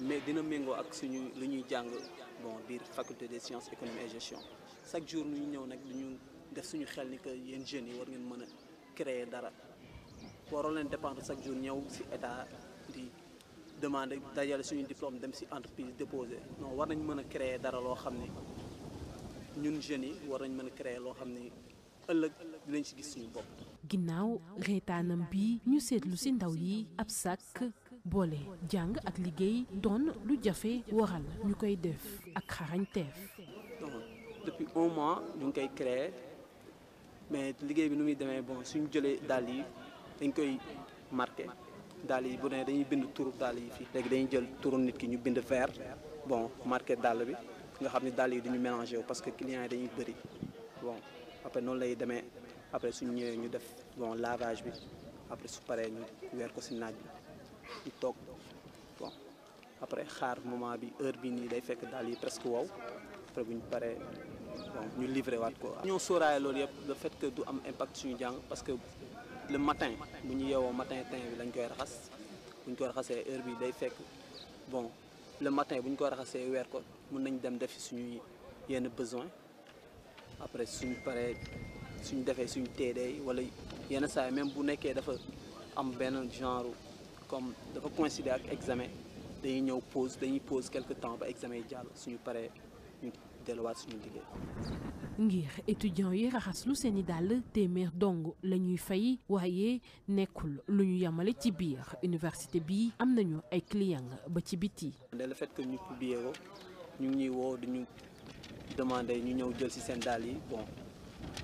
mais dina mengo ak suñu lu jang bon biir faculté des sciences économie et gestion chaque jour ñu ñëw nak du def suñu xel ni que yeen jeunes yi war ngeen mëna créer dara waroo leen dépendre chaque jour ñëw ci état di demander dajale suñu diplôme dem ci entreprise déposé non war nañ mëna créer dara lo xamni ñun jeunes yi war nañ mëna créer lo xamni ni ëllëg dinañ ci gis suñu bopp. ginnaaw reetaanam bi ñu seetlu si ndaw yi ab sàkk boole jang ak liggéey doon lu jafé waral ñu koy def ak xarañteef. depuis un mois ñu ngi koy créer mais liggéey bi nu muy demee bon suñu jëlee dal yi dañ koy marqué dal yi bu ne dañuy bind tour dal yi fii. léegi dañuy jël turu nit ki ñu bind vert bon marqué dal bi nga xam ne dàll yi dañu mélangé wu parce que client yi dañuy bëri bon après noonu lay demee après suñu ñëwee ñu def bon lavage bi après su paree ñu weer ko si naaj bi di toog bon après xaar moment bi heure bi nii day fekk daal yi presque wow après bu ñu paree bon ñu livré waat ko ñoo sóoraale loolu yëpp le fait que du am impact suñu jàng parce que le matin bu ñu yeewoo matin teint bi lañ koy raxas bu ñu koy raxasee heure bi day fekk bon le matin bu ñu koy raxasee weer ko mun nañ dem defi suñu yenn besoin après suñu paree suñu defee suñu teedee wala yenn saa yi même bu nekkee dafa am benn genre comme de coïncider ak examen dañuy ñëw pause dañuy pause quelque temps ba examen yi jàll suñu paree ñu delluwaat suñu liggéey. ngir étudiant yi raxaslu seen i dàll téeméer dong la ñuy fay waaye nekkul lu yamale ci biir université bi am nañu ay clients ba ci biti. le fait que ñu publier ko ñu ngi ñuy woo di demander ñu ñëw jël si seen dàll yi bon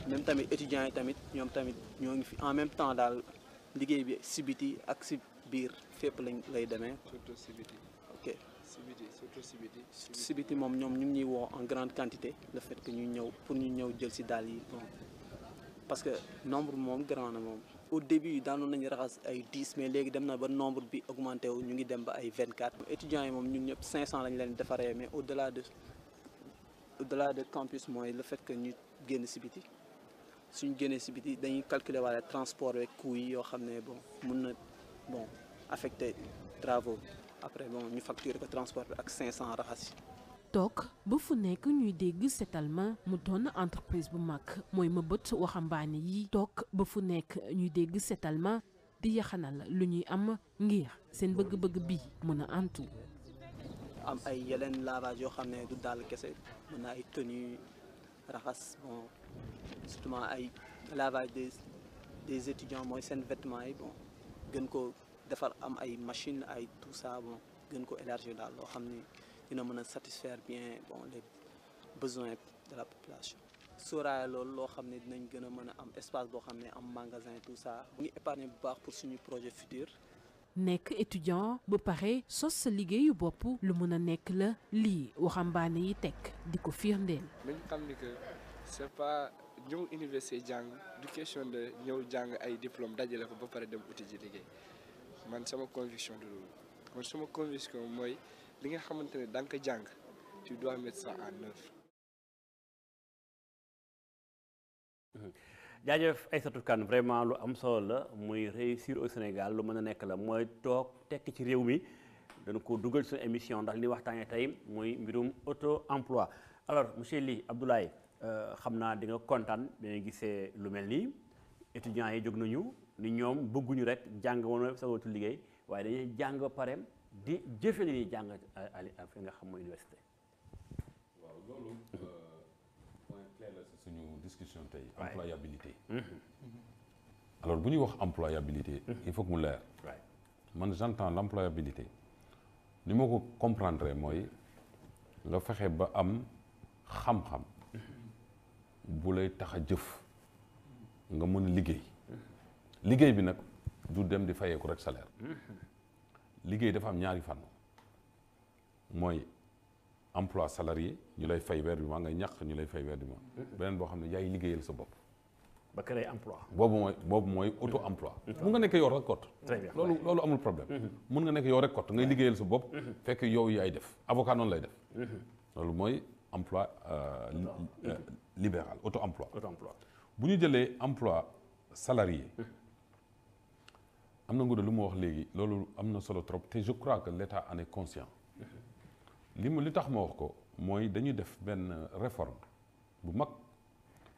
même tamit étudiants yi tamit ñoom tamit ñoo en même temps daal liggéey bi si biti ak si bir fépp lañ lay demee. surtout si ok si biti surtout si biti. si biti ñu ngi ñuy en grande quantité le fait que ñu ñew pour ñu ñew jël ci dal yi bon parce que nombre mom grand na mom au début daanoon nañu raxas ay 10 mais légui dem na ba nombre bi augmenté wu ñu ngi dem ba ay 24 étudiants yi moom ñun ñep 500 lañ leen défaré mais au delà de au delà de campus moy le fait que ñu génn si suñu génné génnee dañuy calculer wala transport avec coût yo xamné bon mëna bon affecté travaux après bon ñu facture le transport bi 500 raxas yi. toog ba fu nekk ñuy dégg setalma mu doon entreprise bu mag mooy mëbët waxambaane yi. toog ba fu nekk ñuy dégg setalma di yaxanal lu ñuy am ngir seen bëgg-bëgg bi mëna antu. am ay yelen lavage yo xamné du dal kese mëna ay tenue raxas bon surtout ay lavage des des étudiants moy seen vêtements yi bon gën ko defar am ay machine ay tout ça bon gën ko élargir daal loo xam ni dina mën a satisfaire bien bon les besoins de la population sóoraale loolu loo xam ne dinañ gën a mën a am espace boo xam ne am magasin tout ça bu ñu épargner bu baax pour suñu projet futur nekk étudiant ba pare sos sa liggéeyu bopp lu mën a nekk la lii waxambaane yi tekk di ko firndeel. nañ xam ni que c'est pas ñëw université jàng du de ñëw jàng ay diplôme dajale ko ba pare dem uti ji liggéey man sama conviction du loolu man sama conviction mooy li nga xamante ne da nga ko jàng tu dois mettre ça en vraiment lu am solo la muy réussir au Sénégal lu mën a nekk la mooy toog tekk ci réew mi dañ ko dugal suñu émission ndax li waxtaanee tey muy mbirum auto emploi alors monsieur lii Abdoulaye. Euh, xam naa di nga kontaan bi nga gisee lu mel nii étudiants yi jóg nañu ni ñom bëgguñu rek jàng woon sawatul liggéey waaye dañuy jang ba pare di jëfe li ñuy jàng fi nga xam mooy université. waaw loolu euh, point clair la si suñu discussion tay employabilité. Mhm. alors bu wax employabilité. Mhm. il faut que mu leer. man j'entends l'employabilité ni ma ko comprendre mooy la fexe ba am xam-xam. bu lay tax a jëf nga mën liggéey liggéey bi nag du dem di fayeeku rek salaire liggéey dafa am ñaari fànn mooy emploi yi ñu lay fay weer bi maa ngay ñàq ñu lay fay weer bi ma beneen boo xam ne yaay liggéeyal sa bopp ba créer emploi boobu mooy boobu mooy auto emploi mun nga nekk yow rek kot loolu loolu amul problème mun nga nekk yow rek kot ngay liggéeyal sa bopp fekk yow yaay def avocat noonu lay def mhm. loolu mooy emploi euh, euh, libéral auto-emploi auto-emploi bu ñu emploi salarié am na lu mu wax léegi solo trop je crois que l'État en est conscient Ce que li tax ma wax c'est que dañu def une réforme bu mak,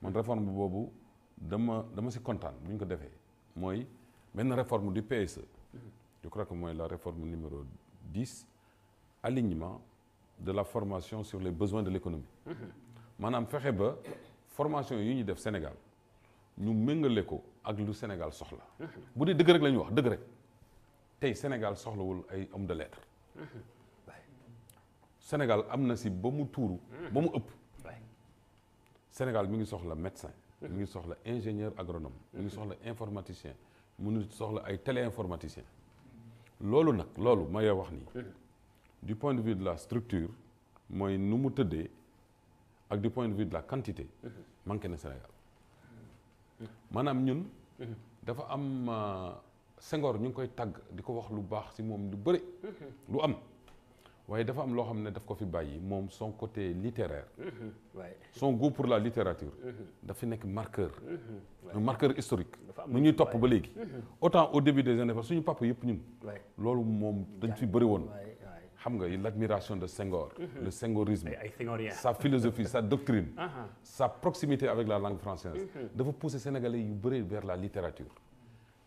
man réforme je dama dama si content, faire. ko Moy réforme du PSE je crois que moy la réforme numéro 10 alignement de la formation sur les besoins de l'économie Madame Fekheba, formation yi ñu Sénégal nous ko le Sénégal soxla bu rek Sénégal homme de lettres Sénégal a un Sénégal médecin ingénieur agronome informaticien téléinformaticien C'est ce que du point de vue de la structure mooy du point de vue de la quantité manqué le Sénégal Madame, Nous, dafa am euh, sengor nous lu am am fi son côté littéraire son goût pour la littérature dafa marqueur un marqueur historique nous ñuy top. autant au début des années papa ñun nous xam l'admiration de Senghor. Mhm. le senghorisme, oh, sa philosophie sa doctrine. Uh-huh. sa proximité avec la langue française. Mhm. de vous pousser sénégalais yu bëri vers la littérature.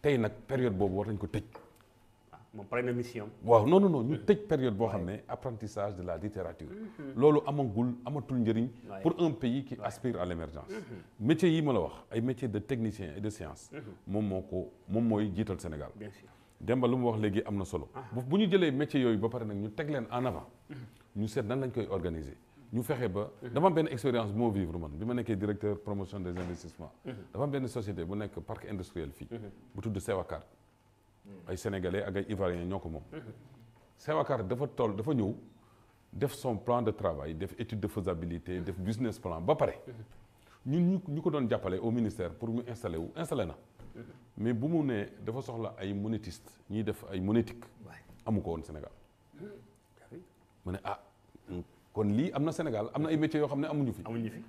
c'est une période boobu war nañ ko tëj. Ah, moom mission. waaw non non non ñu mhm. tëj période boo xam ne apprentissage de la littérature. loolu amagul amatul njëriñ. pour un pays qui aspire à l'émergence. métier yi wax ay de technicien et de science. moom moo ko moom mooy Sénégal. bien Demba lu mu wax léegi am na solo. Ah. bu ñu jëlee métiers yooyu ba pare nag ñu teg leen en avant. ñu seet nan lañ koy organiser. ñu fexe ba mm-hmm. dama am benn expérience bu moo vivre man bi ma nekkee directeur promotion des investissements. Mm-hmm. dafa am benn société bu nekk parc industriel fii. Mm-hmm. bu tudd Sewakar. Mm. ay sénégalais ak ay ivoiriens ñoo ko moom. Sewakar dafa toll dafa ñëw def son plan de travail def étude de faisabilité def business plan ba pare. ñun ñu ñu ko doon jàppale au ministère pour mu installer wu installé na mais bu mu ne dafa soxla ay monétiste ñuy def ay monétique amu ko Sénégal ah mu ne ah kon Sénégal am ay métiers yoo xam amuñu fi amuñu fi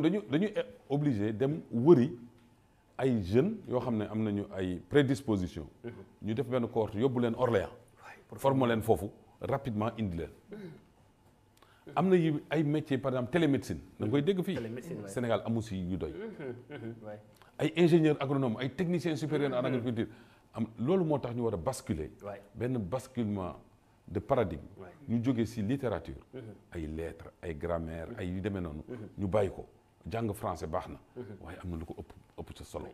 dañu dañu e, obligé dem wëri ay jeunes yoo xam ne ay prédisposition mm-hmm. ñu def benn yóbbu Orléans former rapidement indi leen mm-hmm. am métiers par exemple télémédecine da nga dégg Sénégal ay ingénieur agronome ay technicien supérieur en mm-hmm. agriculture am loolu moo tax ñu war a basculer benn basculement de paradigme ñu jógee si littérature mm-hmm. ay lettres ay grammaire mm-hmm. ay yu demee noonu ñu bàyyi ko jàng français baax na waaye am na lu ko ëpp ëpp sa solo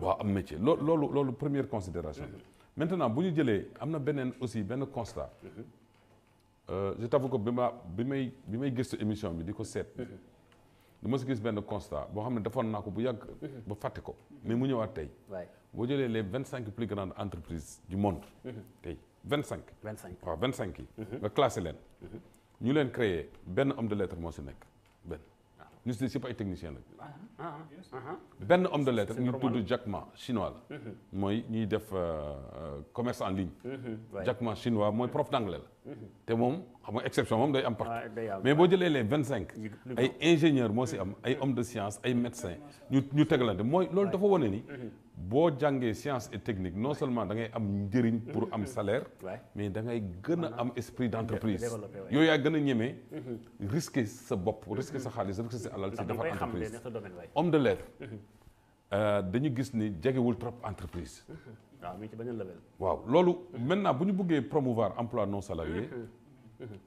waaw am métier loo loolu loolu première considération maintenant bu ñu jëlee am na beneen aussi benn constat euh, je t'avoue que bi ma bi may bi may gëstu émission bi di ko seet ma si gis benn constat boo xam ne defoon naa ko bu yàgg. Mhm. ba fàtte ko mais mu ñëwaat tey. boo jëlee les vingt cinq plus grandes entreprise du monde. Mhm. tey vingt cinq. vingt cinq waaw vingt cinq yi. Mhm. nga classé leen. ñu leen créé benn om de lettres moo si nekk Nous ne sommes pas ay technicien ah, ah, ah. homme de lettres nous tudd Jack Ma chinois moi mhm. mooy ñuy euh, euh, commerce en ligne mhm. Jack Ma chinois mooy prof d'anglais exception mais boo les 25 ingénieur mhm. de science ay médecins. ñu ñu bo jàngee science et technique non seulement da ngay am njëriñ pour am salaire mais da ngay gëna am esprit d'entreprise yo ya gëna a mhm. risquer sa bop risquer sa xaalis risquer sa alal ci defar entreprise homme de lettres mhm. euh, dañu gis ni wul trop entreprise mhm. waaw lolu maintenant buñu bëggé promouvoir emploi non salarié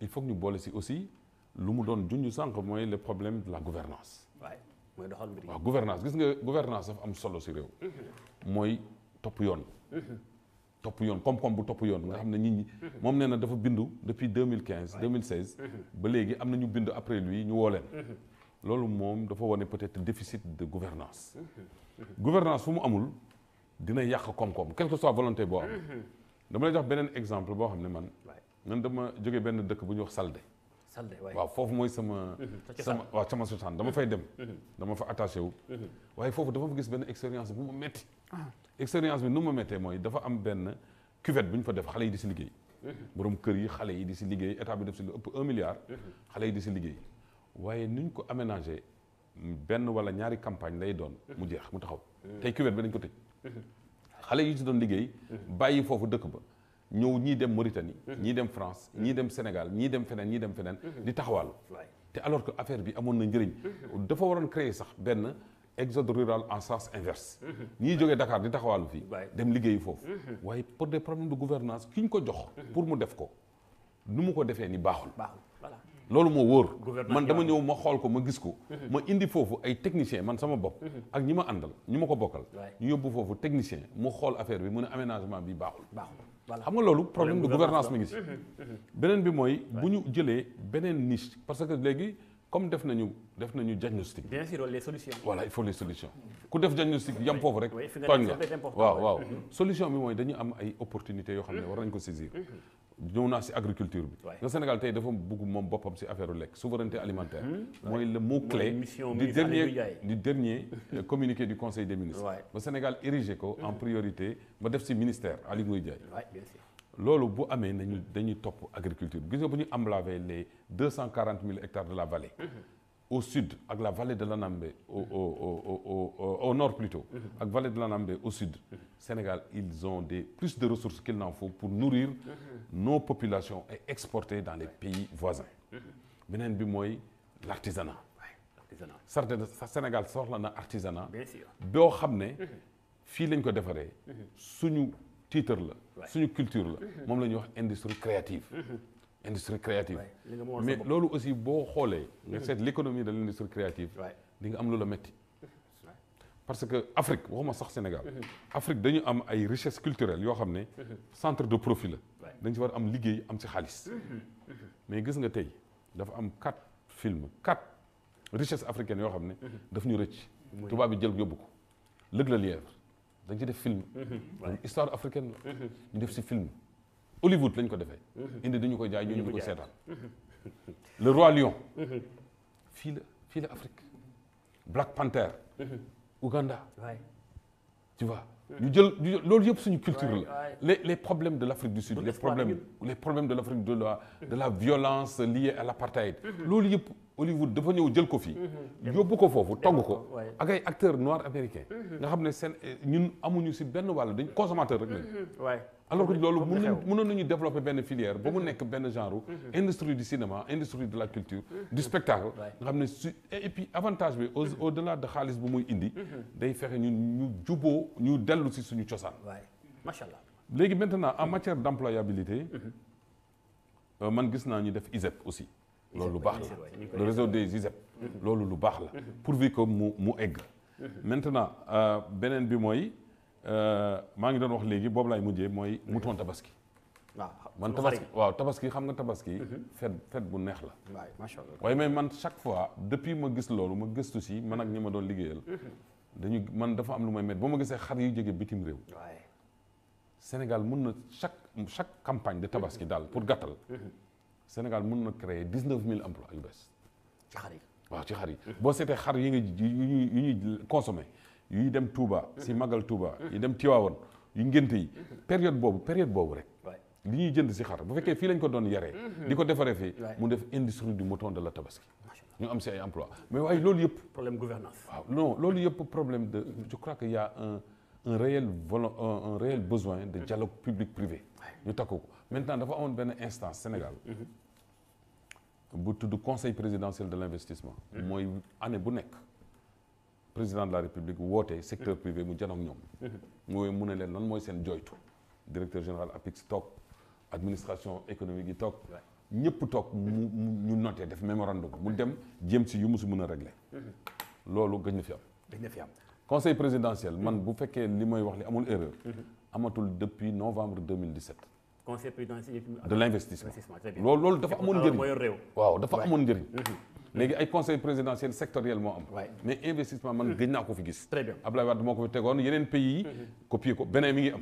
il faut que ñu bolé ci aussi lu mu doon junj sànq mooy le problème de la gouvernance mooy doxal gouvernance gis nga gouvernance dafa am solo si réew mooy depuis 2015-2016, ba ñu après lui ñu woo leen peut-être déficit de gouvernance gouvernance fu amul dina yàq koom-koom que soit volonté boo am mmh. dama lay jox exemple boo xam man man dama waaw foofu mooy sama mhm. sama waaw sama cosaan dama fay dem mhm. dama fa attaché wu mhm. waaye foofu dafa fa gis benn expérience bu ma metti ah. expérience bi nu ma méttee mooy dafa am benn cuvette bu ñu fa def xale yi di si liggéey boroom kër yi xale yi di si liggéey état bi def si lu ëpp un milliard xale yi di si liggéey waaye nu ñu ko aménagé benn wala ñaari campagne lay doon mu jeex mu taxaw tey cuvette bi dañ ko tëj xale yi si doon liggéey bàyyi foofu dëkk ba ñëw ñi dem Mauritanie. ñi dem France ñi dem Sénégal ñi dem fenen ñi dem fenen di taxawal te alors que affaire bi amoon na ndirign dafa waron créer sax ben exode rural en sens inverse. ñi jógee Dakar di taxawal fi dem liggéey fofu waye pour des problèmes de gouvernance kiñ ko jox. pour mu def ko numu ko défé ni baxul lolu mo wóor man dama ñëw ma xol ko ma gis ko ma indi fofu ay technicien man sama bop ak ñima àndal ñima ko bokal ñu yóbbu fofu technicien mu xol affaire bi mu ne aménagement bi baxul voilà xam nga loolu problème de gouvernance mi ngi si mhm, mhm. beneen bi mooy bu ñu jëlee beneen niche parce que léegi comme def nañu def nañu diagnostic. bien sûr les solutions. voilà il faut les solutions. ku def diagnostic yam foofu rek. tooñ nga waaw waaw. Mhm. solution bi mooy dañu am ay opportunités yoo xam ne war nañ ko saisir. Mhm. ñëw naa si agriculture bi. nga Sénégal tey dafa bugg moom boppam si affaire lekk souveraineté alimentaire. Mhm. mooy le mot clé di dernier di dernier euh, communiqué du conseil des ministres. ba Sénégal érigé ko en priorité ba def si ministère Aliou Ngouille Ndiaye loolu bu amé nañu dañuy top agriculture gis nga bu ñu les 240 000 hectares de la vallée au sud avec la vallée de l'Anambé au au au au nord plutôt ak vallée de l'Anambé au sud Sénégal ils ont des plus de ressources qu'il n'en faut pour nourrir nos populations et exporter dans les pays voisins beneen bi moy l'artisanat sarta Sénégal sort l'artisanat. artisanat sûr bo xamné fi lañ ko défaré suñu titre la suñu culture la moom la ñuy wax industrie créative mm-hmm. industrie créative mais loolu aussi boo xoolee nga mm-hmm. seet l'économie de l'industrie créative di nga am lu la metti mm-hmm. parce que Afrique waxuma sax Sénégal Afrique dañu am ay richesses culturelles yoo xam ne centre de profit la dañ ci war am liggéey am ci xaalis mais gis nga tey dafa am quatre films quatre richesses africaines yoo xam ne daf ñu rëcc tubaab bi jël yóbbu ko Luc le Lièvre dañ ci def film. Mhm. histoire africaine la. Mhm. ñu def si film Hollywood lañ ko defee. Mhm. indi dañu ko jaay ñu ko seetaan. le roi lion. fii la Afrique. Black Panther. Ouganda. tu vois ñu jël loolu yëpp suñu culture les problèmes de l'Afrique du Sud. les problèmes les problèmes de l' de la de la violence liée à l'Apartheid, apartheid. Hollywood dafa ñëw jël ko fii. Mhm. yóbbu ko foofu togg ko. ak ay acteurs noirs américains. Mhm. nga xam ne seen eh, ñun amuñu si benn wàll dañ consommateur rek lañu. Mhm. alors que loolu mënoon nañu développer benn filière ba mu nekk benn genre. industrie du cinéma industrie de la culture. du spectacle nga xam ne su eh, et puis avantage bi au au delà de xaalis bu muy indi. day fexe ñun ñu juboo ñu dellu si suñu cosaan. macha allah léegi maintenant en matière d' employabilité. Euh, man gis naa ñu def ISEP aussi loolu lu baax la le réseau des ISEP mhm. loolu lu baax la mhm. pourvu que mu mu egg mhm. maintenant euh, beneen bi mooy euh, maa ngi doon wax léegi boobu laay mujjee mooy mouton tabaski waaw ah, man tabaski waaw tabaski xam nga tabaski fait, fait bu neex la macha allah waaye mais man chaque fois depuis ma gis loolu ma gëstu si man ak ñi ma doon liggéeyal dañu man dafa am lu may met ba ma gisee xar yu jóge bitim réew Sénégal mën na chaque chaque campagne de tabaski daal pour gàttal Sénégal mën na créer 19 emplois yu bees. waaw ci xar yi boo xar yi nga yi consommer yi dem Touba si Magal Touba yi dem yi période boobu période boobu rek. li ñuy jënd si xar bu fekkee fii lañ ko doon mhm. mu def industrie du mouton de la tabaski. ñu am si ay emploi mais waaye loolu yëpp. problème gouvernance waaw non loolu problème je crois qu'il y a un réel un réel besoin de dialogue public privé. ñu takku ko maintenant dafa amoon benn instance Sénégal. Mhm bu conseil présidentiel de l'Investissement, mm-hmm. Moi, année bu président de la république woote secteur mm-hmm. privé mu janoog ñoom. Mm-hmm. mooy mu ne moi lan mooy seen directeur général APIX Top, administration économique yi Ni ñëpp Top, mu ñu noté def mémorandum mu dem jéem si yu mu si mën a réglé. loolu gëj na fi am. conseil présidentiel man bu de li may wax li amul erreur. amatul depuis novembre 2017 conseil présidentiel de l'investissement Lol, dafa amoon njëriñ Wow, dafa amoon njëriñ léegi ay conseil présidentiel sectoriel moo am mais investissement man mm-hmm. gëj naa ko fi gis Abdoulaye Wade moo ko fi tegoon yeneen pays yi mm-hmm. copier ko beneen mi ngi am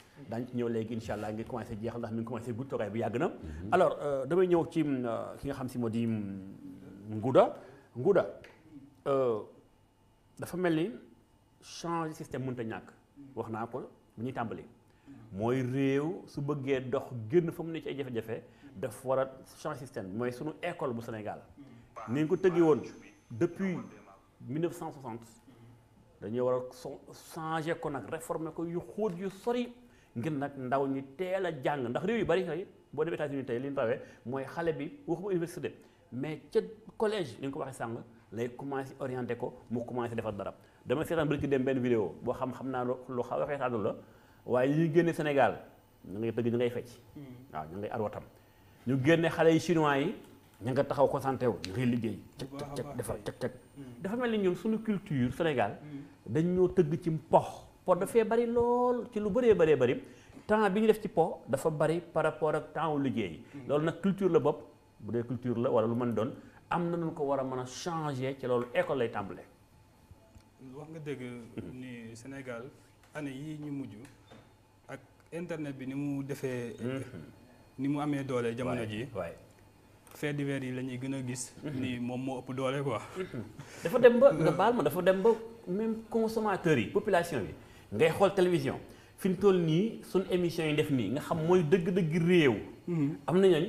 dañ ci ñëw léegi inshallah allah ngir commencé jeexal ndax mi ngi commencé gudd toogaay bu yàgg na. alors euh, damay ñëw ci mm, euh, ki nga xam si moo di mm, nguda Ngouda euh, dafa mel ni changer système mënut a ñàkk wax naa ko bu ñuy tàmbali. mooy réew su bëggee dox génn fa mu ne ci ay jafe-jafe daf war a changer système mooy sunu école bu Sénégal ni ko tëggee woon depuis 1960 dañuy war a changer ko nag réformer ko yu xóot yu sori. ngir nag ndaw ñi teel a jàng ndax réew yu bari tey boo demee États-Unis tey li ñu mooy xale bi waxuma université mais ca collège li ko waxee sàng lay commencé orienté ko mu commencé defar dara dama seetaan ba ci dem benn vidéo boo xam xam naa lu xaw a xeetaanu la waaye ñuy génne Sénégal ñu ngay tëgg ñu ngay fecc mm. waaw ñu ngay arwatam ñu génne xale yi chinois yi ñu nga taxaw concentré wu ñu ngay liggéey cek cek cek defar cek cek dafa mel ni ñun suñu culture Sénégal mm. dañ ñoo tëgg ci mpox da dafee bari lol ci lu beure beure bëri temps biñu def ci po fa bari par rapport ak temps liguey lol nak culture la bop bu dee culture la wala lu mën don am na nu ko wara a changer ci lol école lay tambalé wax nga dëgg ni Sénégal ane yi ñu muju ak internet bi ni mu défé ni mu amé doolé jamono ji fait divers yi lañuy gëna gis ni mom mo ëpp doolé quoi dafa dem ba nga baal ma dafa dem ba même consommateur yi population yi ngay xool télévision fi mu toll nii suñ émission yi def nii nga xam mooy dëgg-dëgg réew. Mhm. am na ñooñ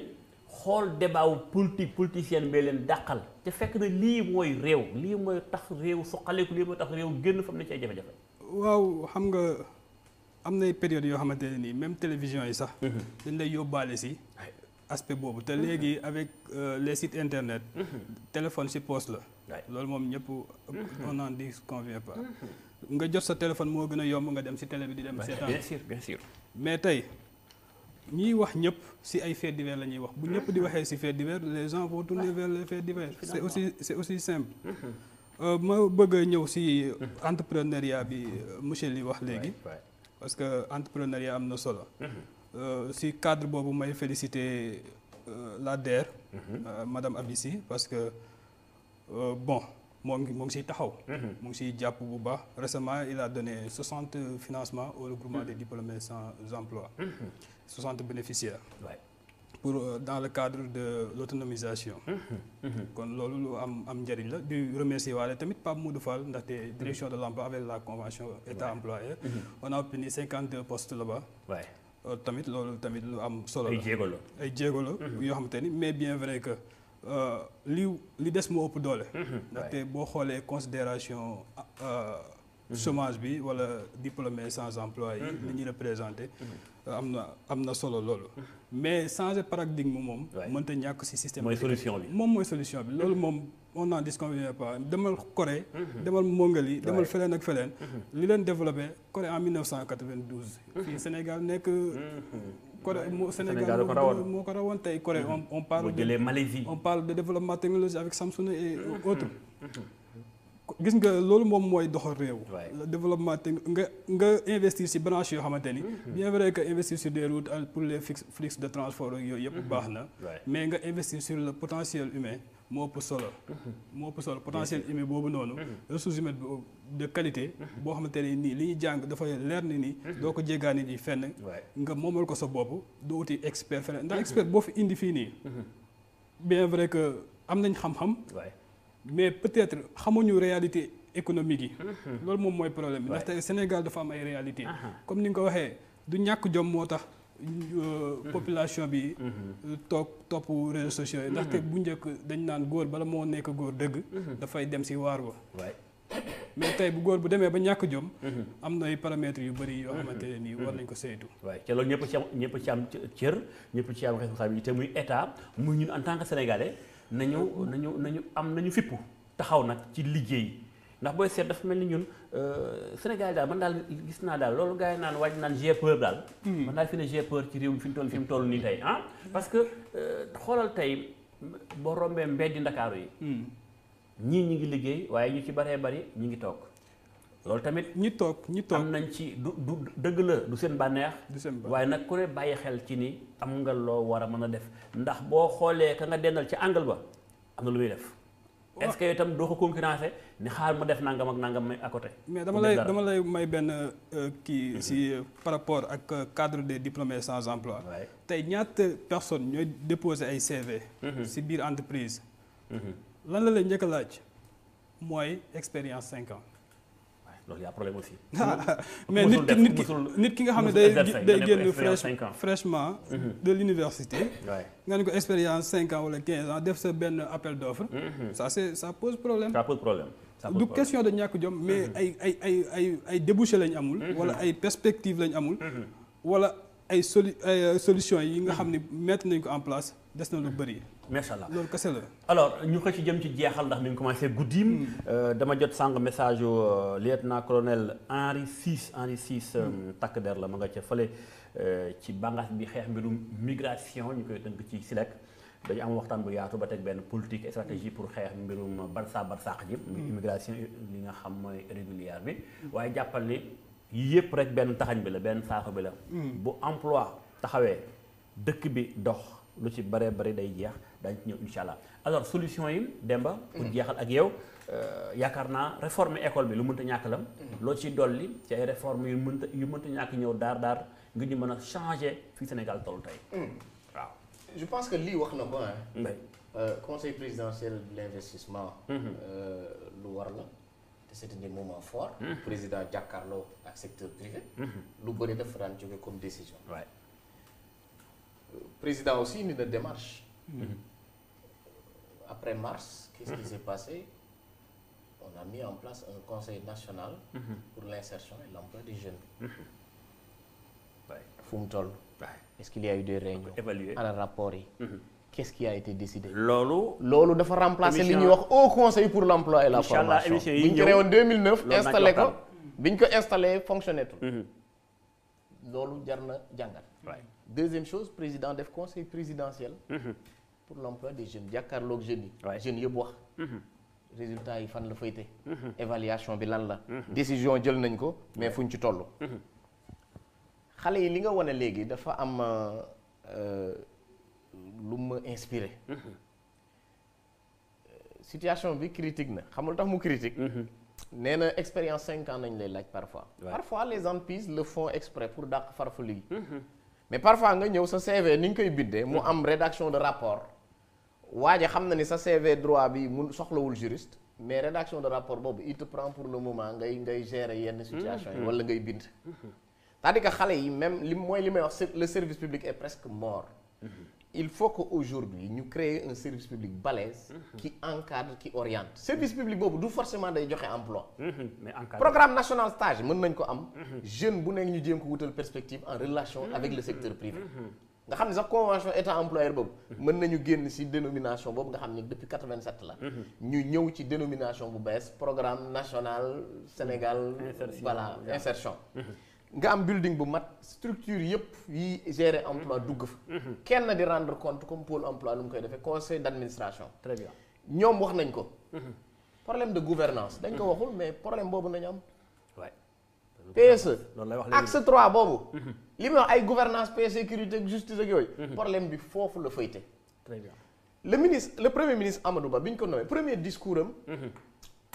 xool débat wu politique politicien bee leen dàqal te fekk na lii mooy réew lii mooy tax réew suqaleeku lii mooy tax réew génn fa mu ne ci ay jafe-jafe. waaw xam nga am période yoo xamante ne nii même télévision yi sax. Mhm. dañ lay yóbbaale si. aspect boobu te mhm. léegi avec euh, les sites internet. téléphone si poste la. loolu moom ñëpp on n'en disconvient pas nga jot sa téléphone moo gën a yomb nga dem si télé bi di dem seetaan bien sûr bien sûr mais tey ñiy wax ñëpp si ay faits divers la ñuy wax bu ñëpp di waxee si faits divers les gens vont tourner vers les faits divers c'est aussi c'est aussi simple mm-hmm. euh, ma bëgg a ñëw si entrepreneuriat bi euh, monsieur li wax léegi parce que entrepreneuriat am na solo si mm-hmm. euh, cadre boobu may féliciter la DER mm-hmm. madame Abissi parce que bon moom moom siy taxaw. Mhm. récemment il a donné 60 financements au regroupement mhm. des diplômés sans emploi. 60 mhm. bénéficiaires. pour euh, dans le cadre de l'autonomisation. kon la tamit direction de l'emploi avec la convention état employeur. on a obtenu 52 postes là-bas. Euh, tamit tamit am solo ay ay mais bien vrai que. Euh, li li des moo ëpp doole. té bo xolé considération euh, mhm. chômage bi wala diplômé sans emploi yi. li mhm. ñuy représenté. Mhm. Euh, amna amna solo lolu mais changer paradigme moom. mënta ñak ci système. moy solution bi mom moy solution bi lolu mom on n'en disconvient pas demal Corée. demal Mongolie demal felen ak felen li leen développer Corée en 1992. fi Sénégal nek Corée moo Sénégal moo ko rawoon tey Corée mm. on on parle de Malaisie on parle de développement technologique avec Samsung et mm. autres mm. gis nga loolu moom mooy doxal réew le développement te nga nga investir si branche yoo xamante ni bien vrai que investir sur des routes euh, pour les fix flux de transport yooyu yëpp baax na mais nga investir sur le potentiel humain moo ëpp solo moo ëpp solo potentiel humain boobu noonu ressource humaine bi de qualité bo xamante ni liñu jang dafa jàng dafay leer ne nii mhm. doo ko jéggaani ji fenn nga momal ko sa bopp doo wuti expert fenn ndax mhm. expert bo fi indi fi ni mhm. bien vrai que am nañ xam-xam mais peut-être xamuñu réalité économique yi lool mom moy problème ndax ndaxte Sénégal dafa am ay réalité comme ni nga waxé du ñak jom motax euh, population bi top top réseaux sociaux yi ndaxte bu njëkk dañ naan góor bala mo nekk goor dëgg dafay dem ci waar wa mais tay bu goor bu démé ba ñak jom mhm. amna ay paramètres yu bari yo xamanteni ni war nañ ko sétu way ci loolu ñepp ci am ñëpp ci am cër ñepp ci am responsabilité muy état muy ñun en tant que sénégalais nañu nañu nañu am nañu fipp taxaw nak ci liggéey ndax boy sét dafa melni ni ñun euh, Sénégal da man dal gis na dal loolu gaay naan waaj naan j'ai peur dal hmm. man dal fi ne j'ai peur ci réew fiñ toll fiñ toll ni tay hein ah. parce que euh, xolal tay bo rombé mbéddi dakar yi. Hmm. ñii ñi ngi liggéey waaye ñu ci baree bari ñi ngi toog loolu tamit ñi toog ñi toog am nañ ci du du dëgg la du seen bànneex waaye nag ku ne bàyyi xel ci ni am nga loo war a mën a def ndax boo xoolee ka nga dendal ci angle ba am na lu muy def est-ce que itam doo ko concurrencé ni xaar mu def nangam ak nangam à côté. mais dama lay dama lay may benn euh, kii mm-hmm. si euh, par rapport ak euh, cadre des diplômés sans emploi. tey ñaata personne ñooy déposé ay CV. Mm-hmm. si biir entreprise. Mm-hmm. lan la lay njëkk a laaj mooy expérience cinq ans. loolu y' a problème aussi. mais nit ki nit ki nit ki nga xamni day day génn fraîche fraîchement. Mhm. de l'université nga ne ko expérience 5 ans wala 15 ans def sa benn appel d'offre mhm. ça c'est ça pose problème. ça pose problème. du question de ñak jom mais mhm. ay ay ay ay ay débouché lañ amul. wala ay perspectives lañ amul. wala ay solu euh, solutions yi nga xamni mettre nañ ko en place des na lu bari macha allah loolu kese la alors ñu ci jëm ci jeexal ndax mi ngi commencé guddiim hmm. euh, dama jot sàng message yu euh, lieutenant colonel Henri Ciss Henri Ciss euh, hmm. takk der la ma nga ca fële ci bàngaas bi xeex mbirum migration ñu koy dënk ci Silek dañu am waxtaan bu yaatu ba teg benn politique et stratégie pour xeex mbirum barsa barsaax ji muy hmm. immigration li nga xam mooy régulière bi waaye jàppal ni yëpp rek benn taxañ bi la benn saako bi la bu emploi taxawee dëkk bi dox lu ci bare bari day jeex daañu ci ñëw alors solution yi Demba pour mm-hmm. jeexal ak yow euh, yaakaar naa réforme école bi lu mënta ñàkk la mm-hmm. loo ci dolli ci réforme yu mënta yu mënta ñàkk ñëw daar daar ngir ñu mën a changer fii Sénégal toll tey mm. waaw je pense que lii wax na ko hein. mm. euh, conseil présidentiel de l'investissement mm-hmm. euh, lu war la c'est un moment fort président jàkkaarloo ak secteur privé lu bëri dafa daan jóge comme décision président aussi ni na démarche après mars, qu'est-ce qui mhm. s'est passé On a mis en place un conseil national mhm. pour l'insertion et l'emploi des jeunes. Mhm. Fumtol. Est-ce qu'il y a eu des réunions Évaluer. À la rapport qu'est-ce qui a été décidé Lolo... Lolo doit remplacer l'Union au conseil pour l'emploi et la formation bu créé en 2009 installé ko Bien installé fonctionné tout loolu jar deuxième chose président des conseil présidentiel pour l'emploi des jeunes jàkkaarloog jeunes jeune, waaye jeunes yëpp wax. Mhm. résultat yi fan la -hmm. évaluation bi lan la. Mhm. décision jël nañ ko mais fuñ ci toll. Mhm. xale yi li nga wane léegi dafa am euh, lu ma inspiré. Euh, situation bi critique na xamul tax mu critique. nee une expérience cinq ans nañ lay parfois. parfois les entreprises le font exprès pour dàq farfelu -hmm mais parfois nga ñëw un CV ni nga koy biddee mu rédaction de rapport waa ji xam na ni sa CV droit bi mu soxlawul juriste mais rédaction de rapport bob, il te prend pour le moment ngay ngay gérer yenn situation yi mm-hmm. wala ngay bind mm-hmm. c'est-à-dire que yi même le service public est presque mort mm-hmm il faut qu'aujourd'hui nous créions un service public balèze. Mhm. qui encadre qui oriente. Mhm. service public boobu forcément day emploi. Mhm. mais programme national stage nous nañ ko jeune bu ñu perspective en relation avec le secteur privé. nga avons ne convention état employeur nous avons une dénomination depuis 87 la. avons une dénomination bu programme national Sénégal. voilà insertion nga am building bu mat structure yëpp yi géré emploi mhm. dugg fa. Mhm. kenn di rendre compte comme pôle emploi num le koy conseil d'administration. très bien ñom wax nañ ko. Mhm. problème de gouvernance dañ ko waxul mais problème de nañ am. waay PSE. axe 3 bobu li wax ay gouvernance paix sécurité justice ak yoy problème bi fofu la feuyté très bien le ministre le premier ministre Amadou Ba biñ ko nommé premier discours am.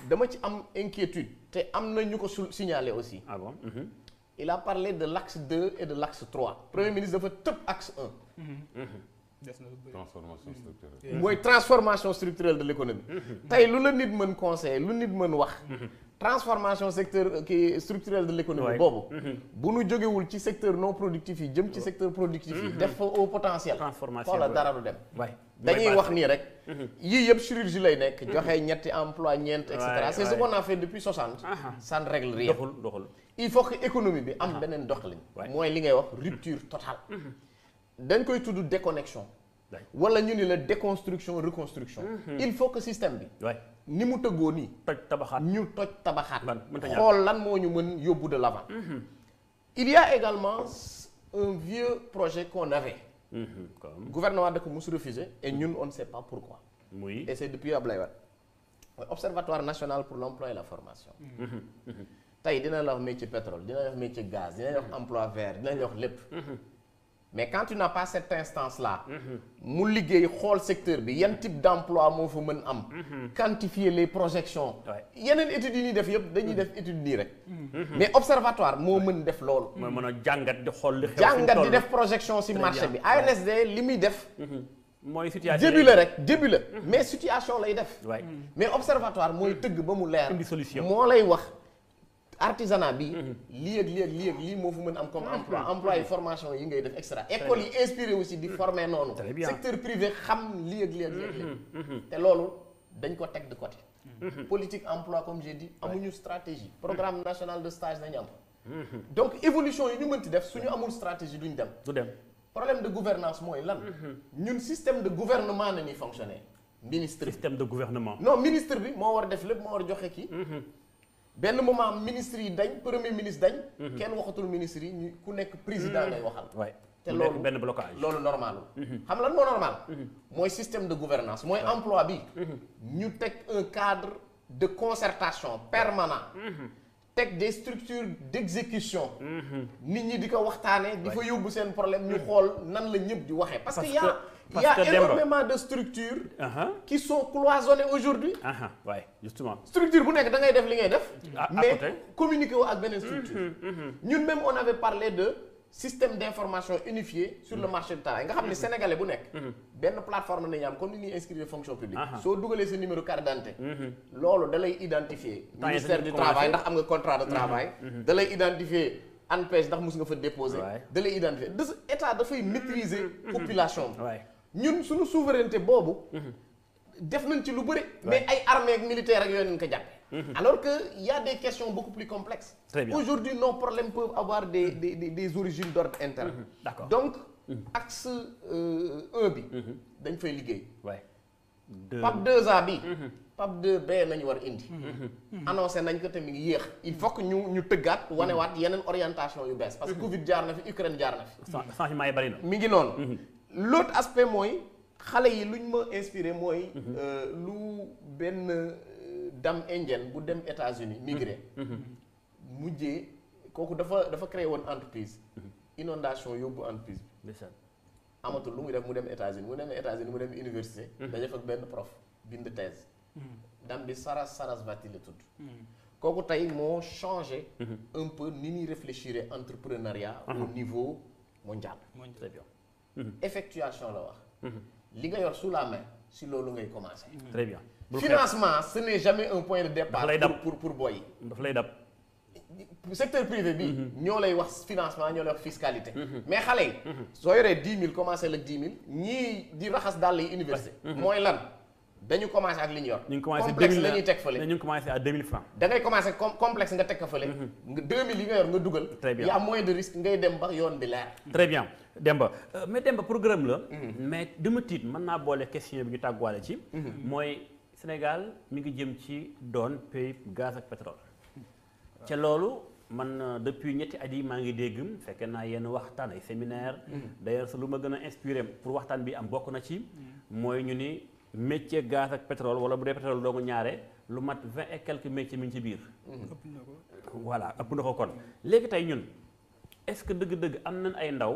dama ci am inquiétude. té am na ñuko signalé signaler aussi. ah bon il a parlé de l'axe 2 et de l'axe 3. Premier ministre fait top axe 1. transformation structurelle. Oui, transformation structurelle de l'économie. tey lu la nit conseil lu nit mën wax. transformation secteur euh, kii structurelle de l'économie Bobo. Mhm. bu nous jógewul ci secteur non productif yi jëm ci secteur productif yi. Mhm. def au potentiel. transformation xoola dara du dem. dañuy wax nii rek. yii yëpp chirurgie lay nekk. Mhm. joxe ñetti emploi ñeent et cetera. c'est ce qu'on a fait depuis 60. ça ne règle rien il faut que l'économie bi am ah. benen doxalin. moy li ngay wax rupture totale. Mm-hmm. dañ koy tudd déconnexion. wala ñu ni la déconstruction reconstruction. Mm-hmm. il faut que système bi. ni mu teggo ni toj tabaxat ñu toj tabaxat xool lan moo ñu mën de l'avant. Mm-hmm. il y a également un vieux projet qu'on avait. comme gouvernement de ko refusé et nous, on ne sait pas pourquoi. oui et c'est depuis Ablaye observatoire national pour l'emploi et la formation tey dina la wax métier pétrole dina la wax métier gaz dina la wax mm-hmm. emploi vert dina la wax mm-hmm. mais quand tu n'as pas cette instance là mm-hmm. mu liggéey xool secteur bi un type d'emploi moo fa mën am quantifier les projections yeneen étude yi ñuy def yëpp dañuy def étude nii rek mais observatoire moo mën def loolu mooy mën a jàngat di xool li xew jàngat di def projection si marché bi ANSD li muy def mooy situation début la rek début la mais situation lay def mais observatoire mooy tëgg ba mu leer indi lay wax artisanat bi mhm. li ak li ak li fu am comme mhm. emploi emploi formation yi ngay def extra école yi inspiré aussi di mhm. former noonu secteur privé xam li ak li ak ce que nous dañ de côté politique emploi comme j'ai dit amuñu stratégie programme national de stage dañ am donc évolution yi ñu mënti def suñu stratégie duñ dem problème de gouvernance moy lan ñun système de gouvernement na fonctionne fonctionner ministre système de gouvernement non ministre bi mo war def lepp mo war ben moment ministre yi dañ premier ministre dañ. Mhm. kenn waxatul ministre yi ku nek président mhm. ngay waxal. té lolu ben blocage lolu normal mhm. xam lan mo normal. moy système de gouvernance moy emploi bi. ñu tek un cadre de concertation permanent. tek des structures d'exécution. nit ñi di ko waxtaanee. di fa seen problème ñu xol nan la ñëpp di waxé parce que parce il y a énormément de structures qui sont cloisonnées aujourd'hui. Oui, justement. Structure, vous n'avez pas de mais communiquer avec une structure. Mhm, mhm. Nous mêmes on avait parlé de système d'information unifié sur le mhm. marché du travail. Vous savez, les Sénégalais, vous n'avez une plateforme comme inscrite dans les fonctions publiques. Si vous avez ce numéro carte d'identité, vous allez identifier le ministère du Travail, vous avez contrat de travail, vous allez identifier ANPEJ, vous avez déposer, vous allez identifier. L'État doit maîtriser la population. Ouais ñun suñu souveraineté boobu. Mhm. def nañ ci lu bëri. mais ay armée ak militaire ak yooyu nañ ko jàppe mhm. alors que il y a des questions beaucoup plus complexes. aujourd'hui nos problèmes peuvent avoir des mhm. des des, des origines d'ordre interne. donc axe euh, un bi. dañ fay liggéey. waay PAP 2A bi. PAP 2B nañu war indi. annoncé nañ ko tamit yéex. il faut que ñu ñu tëggaat wanewaat yeneen orientation yu bees. parce que Covid jaar na fi Ukraine jaar na fi. changement yi bari na. mi ngi noonu l'autre aspect moi, ce ma inspiré euh, euh, dame indienne États-Unis migré mm-hmm. Mm-hmm. créé une entreprise mm-hmm. inondation une entreprise unis université prof thèse dame bi Saras Sarasvati tout. changé un peu ni réfléchirait à l'entrepreneuriat au niveau mondial très Mhm. effectuation la wax mhm. li nga sous la main si lolu ngay commencer mhm. très bien financement ce n'est jamais un point de départ pour pour boy daf dab secteur privé bi y a wax financement y a wax fiscalité mais xalé so yoré 10000 commencer le 10000 ñi di raxas dal université moy lan dañu commencer ak liñ Vous ñu commencer 2000 dañu tek feulé allez commencer à 2000 francs Vous allez commencer complexe nga tek feulé 2000 2 nga yor nga duggal ya moins de risque ngay dem ba yoon bi lèr très bien Demba euh, mais Demba programme la. Mhm. mais dama tiit mën naa boole question bi ñu tàgguwaale ci. Mhm. mooy Sénégal mi ngi jëm ci doon pays gaz ak pétrole. ca loolu man na euh, depuis ñetti at maa ngi dégg fekke naa yenn waxtaan ay séminaire. Mhm. d'ailleurs lu ma gën a inspiré pour waxtaan bi am bokk na ci. mooy ñu ni métier gaz ak pétrole wala bu dee pétrole doo ko ñaare lu mat vingt et quelques métiers mi ngi ci biir. ëpp na ko voilà ëpp na ko kon léegi tey ñun est-ce que dëgg-dëgg am nañ ay ndaw.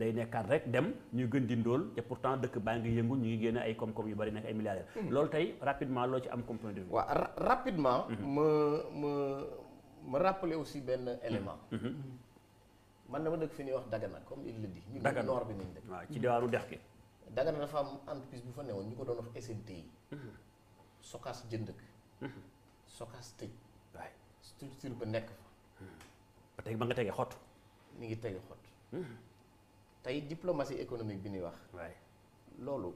day hmm. nekkaat rek dem ñu gën di ndol té pourtant dëkk ba nga yëngu ñu ngi génne ay kom kom yu bari nekk ay milliardaires. Hmm. lool tay rapidement lo ci am comme point de vue. wa rapidement. me me me rappeler aussi ben élément. Hmm. man dama dëkk fini wax Dagana comme il le dit. Dagana ñu nor bi nañ dëkk. wa ci diwaru dex Dagana dafa am entreprise bu fa newoon ñu ko doon wax SNT Sokas jëndëk. Sokas tej waay structure ba nekk fa. ba tay ba nga tégué xott. mi ngi tégué xott. tey diplomatie économique bi ñuy wax. loolu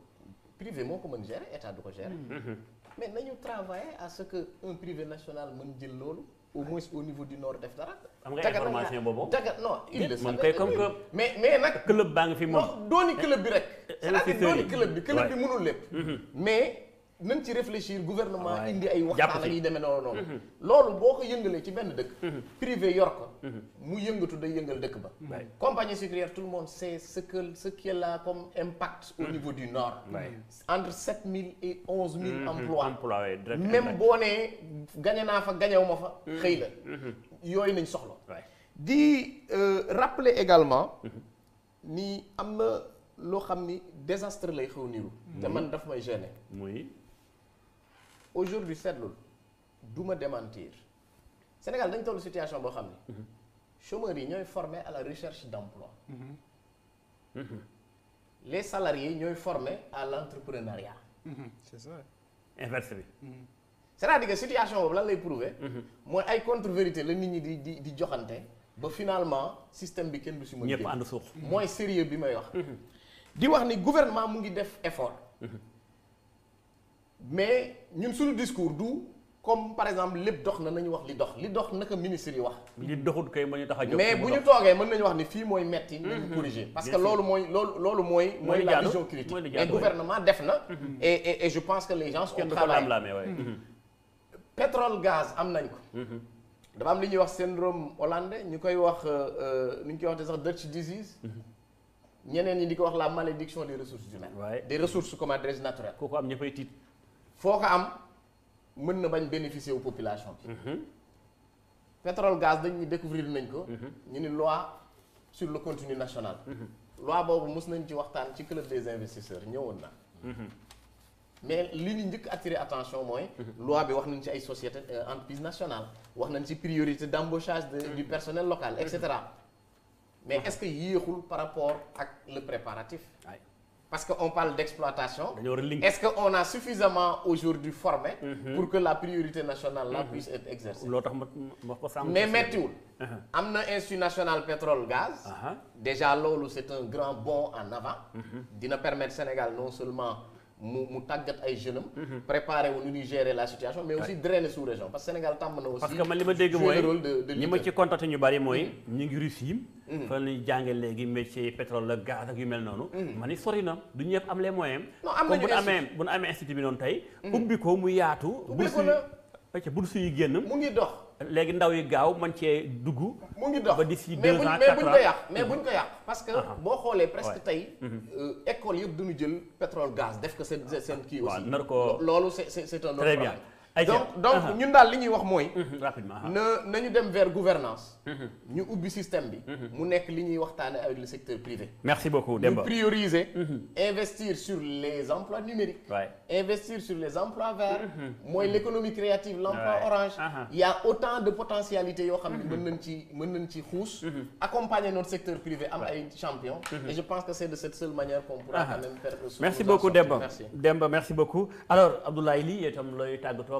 privé moo ko mën gérer état du ko gérer. Hmm. Mhm. mais nañu travailler à ce que un privé national mën jël loolu. au moins au niveau du nord def dara. am nga information boobu daga non il le savait comme que mais mais nag. club baa ngi fi moom non dooni club bi rek. Eh, c'est-à-dire dooni club bi club bi mënul lépp. Mhm. mais même ci réfléchir gouvernement ah indi ay waxtaan ak yi demee noonu noonu mhm. loolu boo ko yëngalee ci benn dëkk mhm. privé yor ko mhm. mu yëngatu day yëngal dëkk ba compagnie sucrière tout le monde sait ce que ce qu'elle a comme impact au niveau du nord entre sept mille et onze mille emplois même boo nee gañe naa fa gañew ma fa xëy la yooyu nañ soxla di euh, rappeler également ni am na loo xam ni désastre lay xew niru te man daf may gêner aujourd'hui seetlul du ma démentir Sénégal dañ toll situation bo xam ne mhm. chômeurs yi ñooy formé à la recherche d'emploi mhm. Mhm. les salariés ñoy formé à l'entrepreneuriat c'est ça inverse bi c'est-à-dire que situation boobu lan lay prouver moy ay contre-vérité la nit ñi di di di joxanté ba finalement système bi kenn du si mën ñëpp ànd suux mooy sérieux bi may wax di wax ni gouvernement mu ngi def effort mais ñun suñu discours du comme par exemple lépp dox na nañu wax li dox li dox naka ministre yi wax. li doxut kay mañu ñu tax mais buñu togué toogee mën nañu wax ni fi moy metti nañu mhm. corriger parce que lolu moy lolu loolu moy la vision critique et gouvernement def na. Mhm. et et et je pense que les gens. ont travail mhm. pétrole gaz am nañ ko. dafa am li ñuy wax syndrome hollandais ñu koy wax nu euh, euh, ñu koy wax sax Dutch disease. ñeneen ñi di ko wax la malédiction des ressources humaines. des ressources comme adresse naturelle. kooku am ña titre faut que am mën na bañ bénéficier aux population mhm. pétrole gaz ils découvrir nañ ko. Mhm. ñu ni loi sur le contenu national. Mhm. loi boobu mos nañ ci waxtaan club des investisseurs na. mais ce qui njëkk attirer attention mooy. loi bi wax nañ ci société euh, entreprise nationale wax priorité d'embauchage du personnel local etc. mais est ce que yéexul par rapport ak le préparatif parce qu'on parle d'exploitation. Est-ce qu'on a suffisamment aujourd'hui formé mhm. pour que la priorité nationale là mhm. puisse être exercée Mais mettons, amener un national pétrole gaz uh-huh. déjà l'eau c'est un grand bond en avant mhm. dina permettre Sénégal non seulement mu mu tàggat ay jeunes am. Mhm. préparé wu nu ñuy gérer la situation mais aussi drainer sous région parce que Sénégal tàmm na aussi. parce que man li ma dégg mooy ñi ma ci contacté ñu bari mooy mhm. ñu ngi Russie mhm. fa la ñuy jànge léegi métier pétrole la gaz ak yu mel noonu. ma ni sori na du ñëpp am les moyens. non am nañu amee bu ñu amee institut bi noonu tey. ubbi ko mu yaatu. ubbi ko la bourse yi génn. mu ngi dox. léegi ndaw yi gaaw man cee dugg. mu ngi dox ba d'ici deux ans quatre ans mais buñ ko yàq parce que boo xoolee presque tey. Euh, école du duñu jël pétrole gaz def ko seen seen kii aussi. nar ko loolu c'est c'est un autre problème. donc donc uh-huh. ñun daal li ñuy wax nous uh-huh. rapidement uh-huh. na dem vers gouvernance ñu le système bi. mu nekk li ñuy avec le secteur privé. merci beaucoup Demba prioriser. investir sur les emplois numériques. investir sur les emplois verts. l'économie créative l'emploi orange. il y a autant de potentialités qui xam ne accompagner notre secteur privé am ay champions. et je pense que c'est de cette seule manière qu'on pourra quand même faire. le. merci beaucoup Demba Demba merci beaucoup alors Abdoulaye un peu de tàggatoo.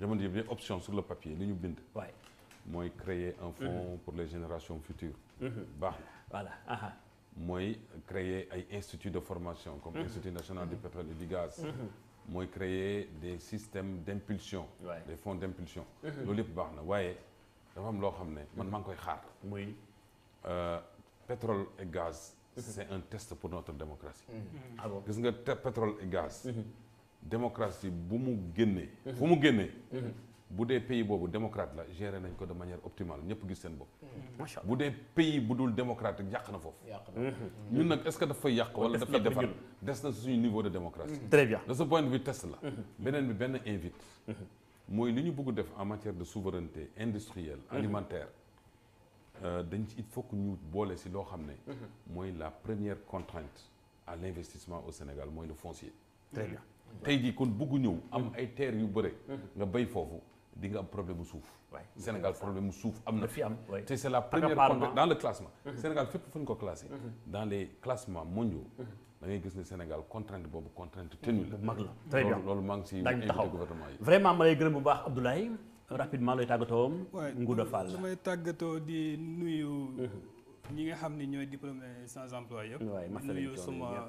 J'ai ji option sur le papier li ñu bind. Moi, créer un fonds mm-hmm. pour les générations futures. Bah. Voilà. voilà. Moi, créer ay instituts de formation. comme l'Institut mm-hmm. national du pétrole et du gaz. Moi, créer des systèmes d'impulsion, des fonds d'impulsion, impulsion. loolu yëpp baax na waaye dafa am loo xam ne man euh, pétrole et gaz. c'est un test pour notre démocratie. que ah nga pétrole et gaz démocratie bu mu génnee. fu mu bu pays bobu démocrate la gérer nañ ko de manière optimale ñëpp gis seen bopp. macha allah bu pays bu démocratique. démocrate yàq na fof mhm. ñun nak est ce que daf fay wala daf fay des na suñu niveau de démocratie. Mhm. très bien de ce point de vue test la. Mhm. benen bi ben invite. moy li ñu bëgg def en matière de souveraineté industrielle alimentaire. Euh, dañ ci il faut que ñu bolé ci lo xamné moy la première contrainte à l'investissement au Sénégal moy le foncier. très bien. tey jii kon bugg ñëw am mm. ay terre yu bëre mm-hmm. nga bay foofu di nga am problème mu suuf Sénégal problème mu suuf am na fi am te c'est la première fois dans le classement mm-hmm. Sénégal fépp fu ko classé mm-hmm. dans les classements mondiaux da ngay gis ne Sénégal contrainte boobu contrainte tenue la mag la très bien loolu maa ngi si invité gouvernement yi vraiment ma lay gërëm bu baax Abdoulaye rapidement looy tàggatoo Ngouda Fall su may tàggatoo di nuyu ñi nga xam ne ñooy diplômé sans emploi yëpp nuyu suma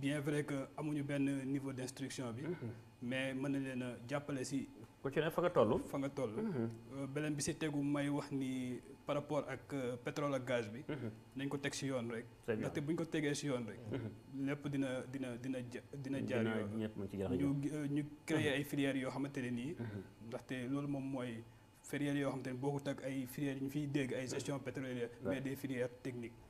bien vrai que amuñu ben niveau d'instruction instruction bi. Mhm. mais mën na leen a jàppale si. ci ne fa nga tollu fa nga toll. Mhm. Euh, beneen bi ci tegu may wax ni par rapport ak euh, pétrole ak gaz bi. Mhm. nañ ko teg ci yoon rek. ndax té buñ ko tegee ci yoon rek. lépp dina dina dina dina jaar ñu euh, ñu créer ay filières yo xamanteni ni ndax té loolu mom moy filières yo xamanteni ne tak ay filières ñu fi dégg ay gestion pétrolière mais des filières techniques.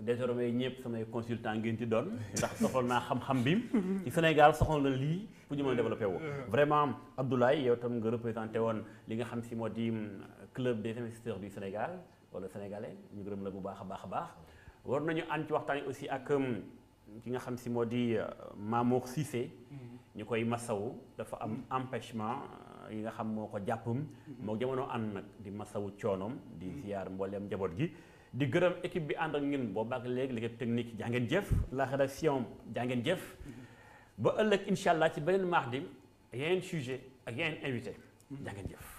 désormais ñëpp samay consultant ngeen di doon ndax soxal naa xam-xam bi ci Sénégal soxal na lii pour ñu mën a développé wu vraiment Abdoulaye yow tam nga représenté woon li nga xam si moo di euh, club des investisseurs du Sénégal wala sénégalais ñu gërëm la bu baax a baax a baax war nañu ànd ci waxtaan aussi ak euh, ki nga xam si moo di euh, Mamour Cissé mm-hmm. ñu koy massawu dafa am empêchement yi nga xam moo ko jàppam mm-hmm. moo jamono ànd nag di massawu coonoom di mm-hmm. ziar mbooleem njaboot gi di gërëm équipe bi ànd ak ñun boobaak léegi l'équipe technique jaa ngeen jëf la rédaction jaa ngeen jëf ba ëllëg incha allah ci beneen mardi yeneen sujet ak yeneen invité jaa ngeen jëf